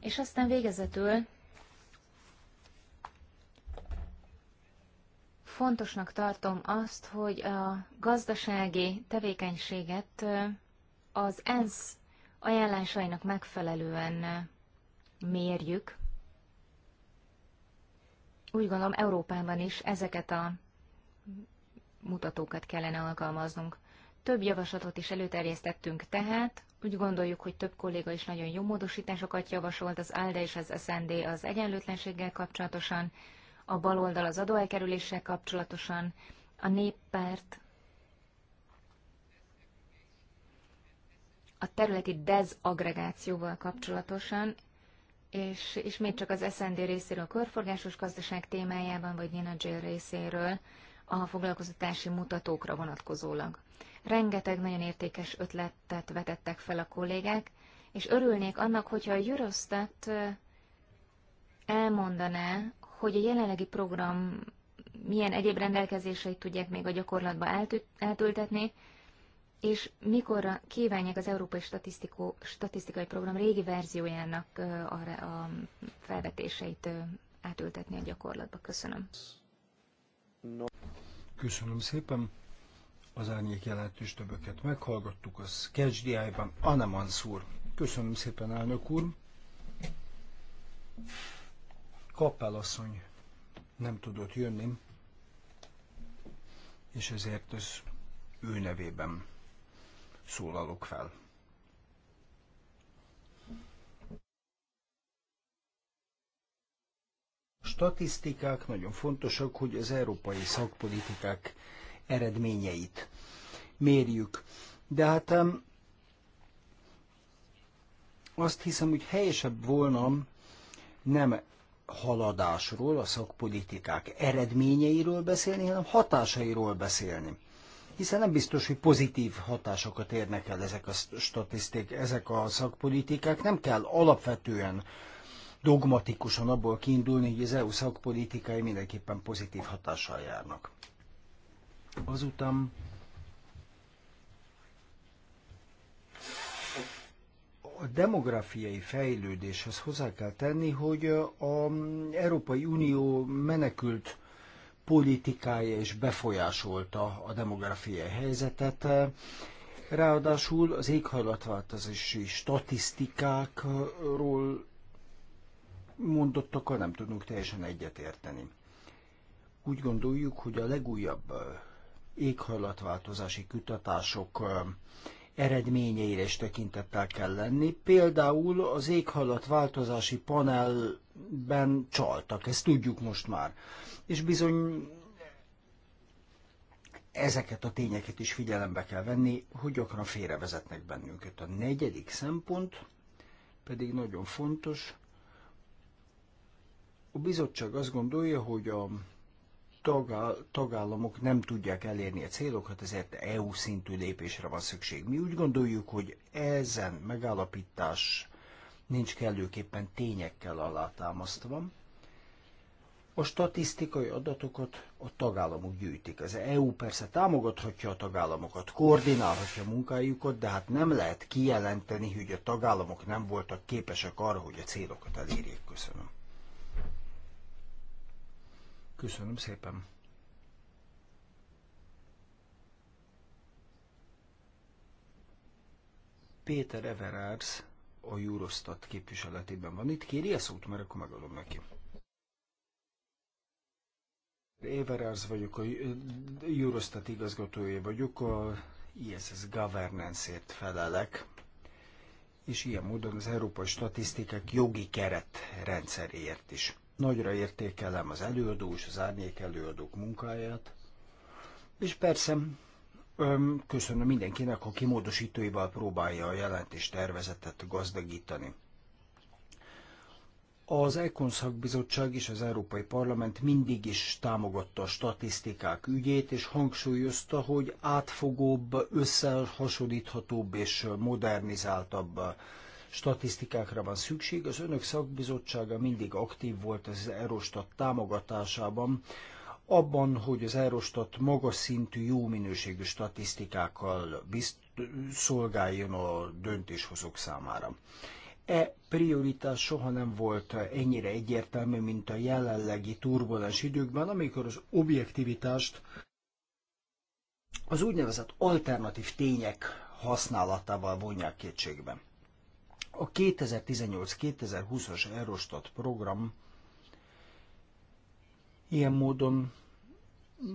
És aztán végezetül fontosnak tartom azt, hogy a gazdasági tevékenységet az ENSZ ajánlásainak megfelelően mérjük. Úgy gondolom, Európában is ezeket a mutatókat kellene alkalmaznunk. Több javaslatot is előterjesztettünk tehát, úgy gondoljuk, hogy több kolléga is nagyon jó módosításokat javasolt, az ALDE és az SND az egyenlőtlenséggel kapcsolatosan, a baloldal az adóelkerüléssel kapcsolatosan, a néppárt a területi dezagregációval kapcsolatosan, és ismét csak az SND részéről a körforgásos gazdaság témájában, vagy Nina Jill részéről a foglalkoztatási mutatókra vonatkozólag. Rengeteg nagyon értékes ötletet vetettek fel a kollégák, és örülnék annak, hogyha a Eurostat elmondaná, hogy a jelenlegi program milyen egyéb rendelkezéseit tudják még a gyakorlatba átültetni, és mikor kívánják az Európai Statisztikó, Statisztikai Program régi verziójának a, a felvetéseit átültetni a gyakorlatba. Köszönöm. No. Köszönöm szépen. Az árnyék jelentős többeket meghallgattuk, az KGDI-ban Anna Mansur. Köszönöm szépen, elnök úr. Kappelasszony nem tudott jönni, és ezért az ő nevében szólalok fel. statisztikák nagyon fontosak, hogy az európai szakpolitikák eredményeit mérjük. De hát azt hiszem, hogy helyesebb volna nem haladásról, a szakpolitikák eredményeiről beszélni, hanem hatásairól beszélni. Hiszen nem biztos, hogy pozitív hatásokat érnek el ezek a statisztik, ezek a szakpolitikák. Nem kell alapvetően dogmatikusan abból kiindulni, hogy az EU szakpolitikai mindenképpen pozitív hatással járnak. Azután a demográfiai fejlődéshez hozzá kell tenni, hogy az Európai Unió menekült politikája is befolyásolta a demográfiai helyzetet. Ráadásul az éghajlatváltozási statisztikákról mondottakkal nem tudunk teljesen egyetérteni. Úgy gondoljuk, hogy a legújabb éghajlatváltozási kutatások eredményeire is tekintettel kell lenni. Például az éghajlatváltozási panelben csaltak, ezt tudjuk most már. És bizony ezeket a tényeket is figyelembe kell venni, hogy gyakran félrevezetnek bennünket. A negyedik szempont pedig nagyon fontos, a bizottság azt gondolja, hogy a tagállamok nem tudják elérni a célokat, ezért EU szintű lépésre van szükség. Mi úgy gondoljuk, hogy ezen megállapítás nincs kellőképpen tényekkel alátámasztva. A statisztikai adatokat a tagállamok gyűjtik. Az EU persze támogathatja a tagállamokat, koordinálhatja a munkájukat, de hát nem lehet kijelenteni, hogy a tagállamok nem voltak képesek arra, hogy a célokat elérjék. Köszönöm. Köszönöm szépen. Péter Everárs a Eurostat képviseletében van itt. Kéri a szót, mert akkor megadom neki. Everárs vagyok, a Eurostat igazgatója vagyok, a ISS governance-ért felelek, és ilyen módon az európai statisztikák jogi keret rendszeréért is. Nagyra értékelem az előadó és az árnyék előadók munkáját, és persze köszönöm mindenkinek, aki módosítóival próbálja a jelentés tervezetet gazdagítani. Az ECON szakbizottság és az Európai Parlament mindig is támogatta a statisztikák ügyét, és hangsúlyozta, hogy átfogóbb, összehasonlíthatóbb és modernizáltabb statisztikákra van szükség. Az önök szakbizottsága mindig aktív volt az Eurostat támogatásában, abban, hogy az Eurostat magas szintű, jó minőségű statisztikákkal bizt, szolgáljon a döntéshozók számára. E prioritás soha nem volt ennyire egyértelmű, mint a jelenlegi turbulens időkben, amikor az objektivitást az úgynevezett alternatív tények használatával vonják kétségbe a 2018-2020-as Eurostat program ilyen módon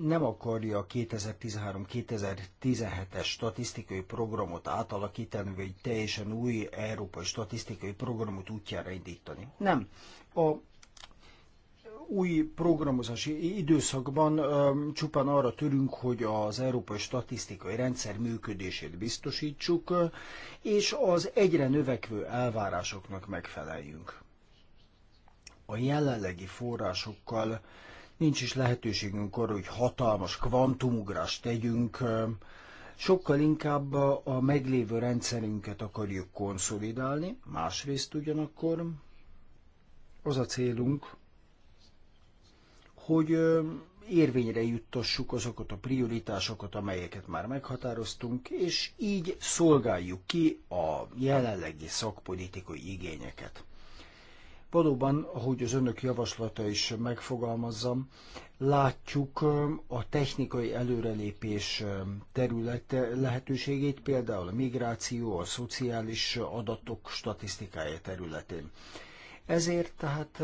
nem akarja a 2013-2017-es statisztikai programot átalakítani, vagy teljesen új európai statisztikai programot útjára indítani. Nem. A új programozási időszakban csupán arra törünk, hogy az európai statisztikai rendszer működését biztosítsuk, és az egyre növekvő elvárásoknak megfeleljünk. A jelenlegi forrásokkal nincs is lehetőségünk arra, hogy hatalmas kvantumugrást tegyünk, sokkal inkább a meglévő rendszerünket akarjuk konszolidálni, másrészt ugyanakkor az a célunk, hogy érvényre juttassuk azokat a prioritásokat, amelyeket már meghatároztunk, és így szolgáljuk ki a jelenlegi szakpolitikai igényeket. Valóban, ahogy az önök javaslata is megfogalmazzam, látjuk a technikai előrelépés területe lehetőségét, például a migráció, a szociális adatok statisztikája területén. Ezért tehát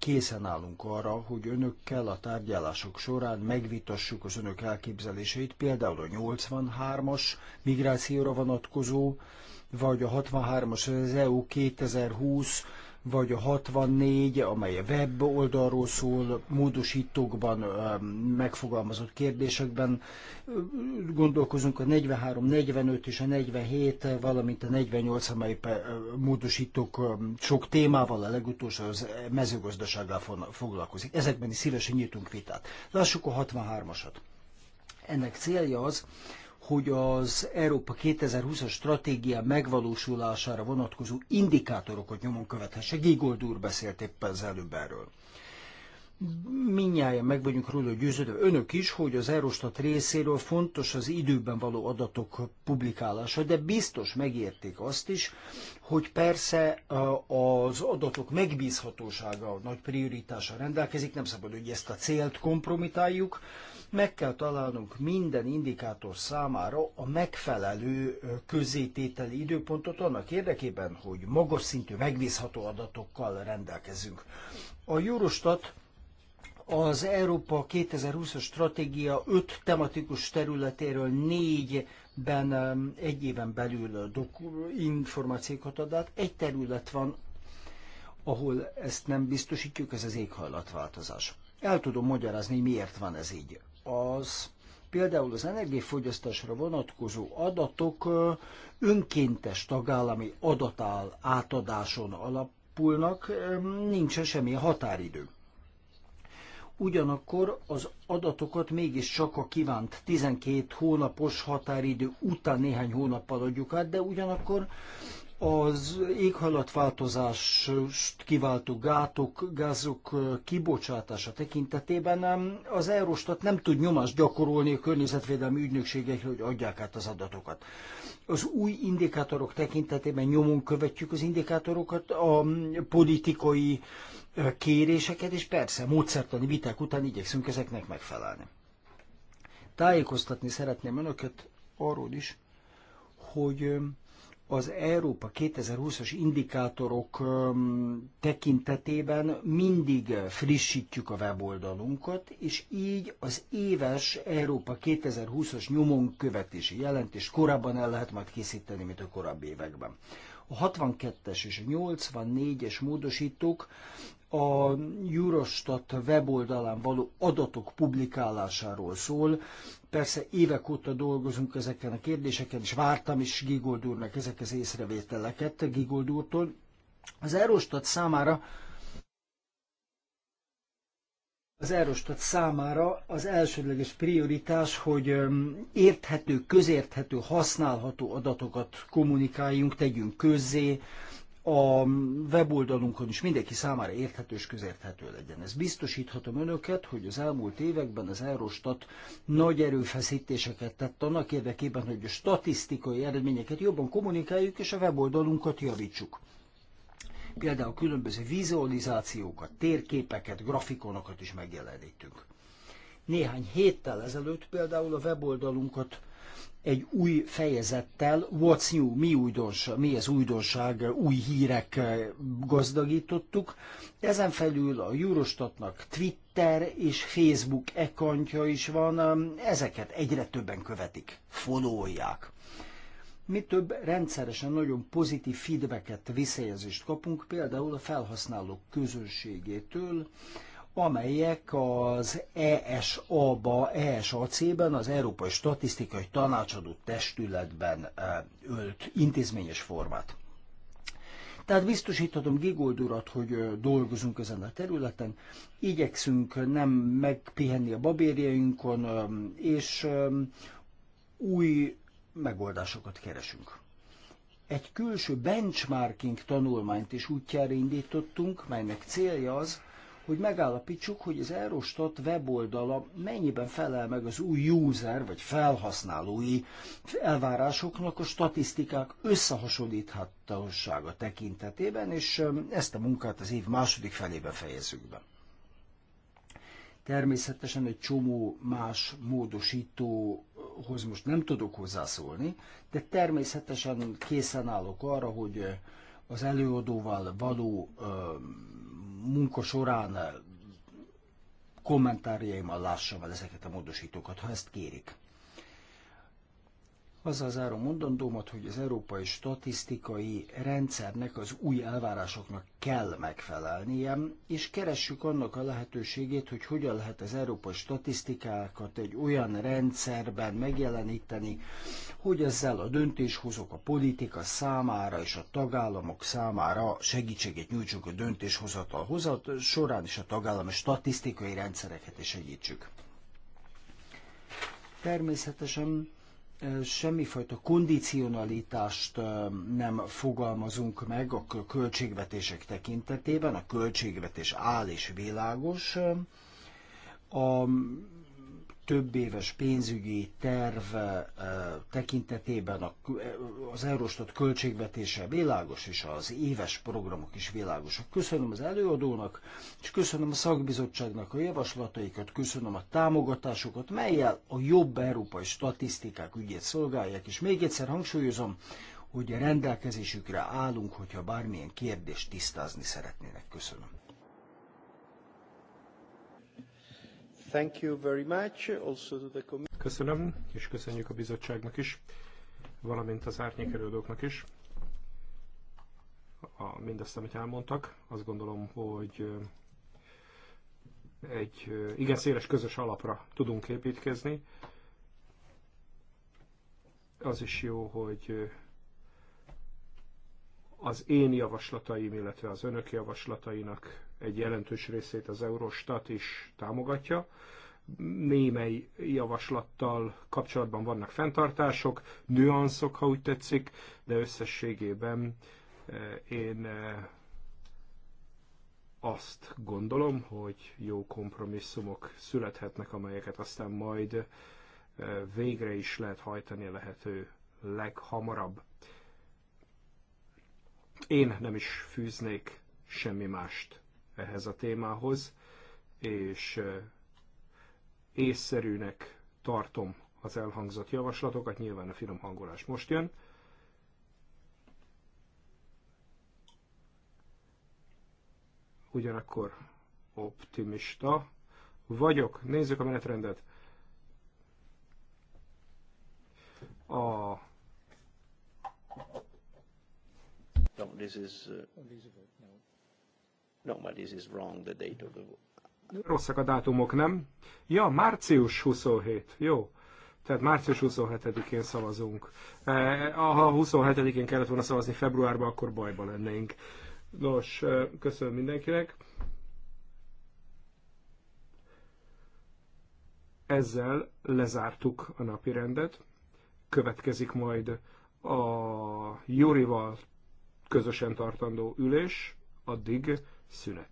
készen állunk arra, hogy önökkel a tárgyalások során megvitassuk az önök elképzeléseit, például a 83-as migrációra vonatkozó, vagy a 63-as az EU 2020 vagy a 64, amely a web oldalról szól, módosítókban, um, megfogalmazott kérdésekben. Gondolkozunk a 43, 45 és a 47, valamint a 48, amely módosítók um, sok témával, a legutolsó az mezőgazdasággal foglalkozik. Ezekben is szívesen nyitunk vitát. Lássuk a 63-asat. Ennek célja az, hogy az Európa 2020-as stratégia megvalósulására vonatkozó indikátorokat nyomon követhesse. Gigold úr beszélt éppen az előbb erről. Minnyáján meg vagyunk róla győződve, önök is, hogy az Eurostat részéről fontos az időben való adatok publikálása, de biztos megérték azt is, hogy persze az adatok megbízhatósága nagy prioritása rendelkezik, nem szabad, hogy ezt a célt kompromitáljuk, meg kell találnunk minden indikátor számára a megfelelő közétételi időpontot annak érdekében, hogy magas szintű megbízható adatokkal rendelkezünk. A Eurostat az Európa 2020-as stratégia öt tematikus területéről négyben egy éven belül információkat ad át. Egy terület van, ahol ezt nem biztosítjuk, ez az éghajlatváltozás. El tudom magyarázni, miért van ez így az például az energiafogyasztásra vonatkozó adatok önkéntes tagállami adatál átadáson alapulnak, nincsen semmi határidő. Ugyanakkor az adatokat mégiscsak a kívánt 12 hónapos határidő után néhány hónappal adjuk át, de ugyanakkor az éghajlatváltozást kiváltó gátok, gázok kibocsátása tekintetében az Eurostat nem tud nyomást gyakorolni a környezetvédelmi ügynökségekre, hogy adják át az adatokat. Az új indikátorok tekintetében nyomon követjük az indikátorokat, a politikai kéréseket, és persze módszertani viták után igyekszünk ezeknek megfelelni. Tájékoztatni szeretném önöket arról is, hogy az Európa 2020-as indikátorok tekintetében mindig frissítjük a weboldalunkat, és így az éves Európa 2020-as nyomon követési jelentés korábban el lehet majd készíteni, mint a korábbi években. A 62-es és a 84-es módosítók a Eurostat weboldalán való adatok publikálásáról szól. Persze évek óta dolgozunk ezeken a kérdéseken, és vártam is Gigold úrnak ezek az észrevételeket Gigold úrtól. Az Eurostat számára az Eurostat számára az elsődleges prioritás, hogy érthető, közérthető, használható adatokat kommunikáljunk, tegyünk közzé, a weboldalunkon is mindenki számára érthető és közérthető legyen. Ez biztosíthatom önöket, hogy az elmúlt években az Eurostat nagy erőfeszítéseket tett annak érdekében, hogy a statisztikai eredményeket jobban kommunikáljuk és a weboldalunkat javítsuk. Például különböző vizualizációkat, térképeket, grafikonokat is megjelenítünk. Néhány héttel ezelőtt például a weboldalunkat egy új fejezettel, What's New, mi, újdonság, mi az újdonság, új hírek eh, gazdagítottuk. Ezen felül a Eurostatnak Twitter és Facebook ekantja is van, eh, ezeket egyre többen követik, followolják. Mi több rendszeresen nagyon pozitív feedbacket, visszajelzést kapunk, például a felhasználók közönségétől, amelyek az ESA-ba, ESAC-ben, az Európai Statisztikai Tanácsadó Testületben e, ölt intézményes formát. Tehát biztosíthatom Gigold urat, hogy dolgozunk ezen a területen, igyekszünk nem megpihenni a babérjainkon, és új megoldásokat keresünk. Egy külső benchmarking tanulmányt is útjára indítottunk, melynek célja az, hogy megállapítsuk, hogy az Eurostat weboldala mennyiben felel meg az új user vagy felhasználói elvárásoknak a statisztikák összehasonlíthatósága tekintetében, és um, ezt a munkát az év második felében fejezzük be. Természetesen egy csomó más módosítóhoz most nem tudok hozzászólni, de természetesen készen állok arra, hogy az előadóval való um, munka során eh, kommentárjaimmal lássam el ezeket a módosítókat, ha ezt kérik. Azzal zárom mondandómat, hogy az európai statisztikai rendszernek az új elvárásoknak kell megfelelnie, és keressük annak a lehetőségét, hogy hogyan lehet az európai statisztikákat egy olyan rendszerben megjeleníteni, hogy ezzel a döntéshozók a politika számára és a tagállamok számára segítséget nyújtsuk a döntéshozatal hozat során, és a tagállami statisztikai rendszereket is segítsük. Természetesen semmifajta kondicionalitást nem fogalmazunk meg a költségvetések tekintetében, a költségvetés áll és világos, a több éves pénzügyi terv eh, tekintetében eh, az Eurostat költségvetése világos, és az éves programok is világosak. Köszönöm az előadónak, és köszönöm a szakbizottságnak a javaslataikat, köszönöm a támogatásokat, melyel a jobb európai statisztikák ügyét szolgálják, és még egyszer hangsúlyozom, hogy a rendelkezésükre állunk, hogyha bármilyen kérdést tisztázni szeretnének. Köszönöm. Köszönöm, és köszönjük a bizottságnak is, valamint az árnyékelődőknek is a, mindezt, amit elmondtak. Azt gondolom, hogy egy igen széles közös alapra tudunk építkezni. Az is jó, hogy az én javaslataim, illetve az önök javaslatainak egy jelentős részét az Eurostat is támogatja. Némely javaslattal kapcsolatban vannak fenntartások, nüanszok, ha úgy tetszik, de összességében eh, én eh, azt gondolom, hogy jó kompromisszumok születhetnek, amelyeket aztán majd eh, végre is lehet hajtani a lehető leghamarabb. Én nem is fűznék semmi mást ehhez a témához, és észszerűnek tartom az elhangzott javaslatokat, nyilván a finom hangolás most jön. Ugyanakkor optimista vagyok. Nézzük a menetrendet. A No, this is uh, is wrong, the date of the Rosszak a dátumok, nem? Ja, március 27. Jó. Tehát március 27-én szavazunk. E, ha 27-én kellett volna szavazni februárban, akkor bajban lennénk. Nos, e, köszönöm mindenkinek. Ezzel lezártuk a napi rendet. Következik majd a Jurival közösen tartandó ülés. Addig szünet.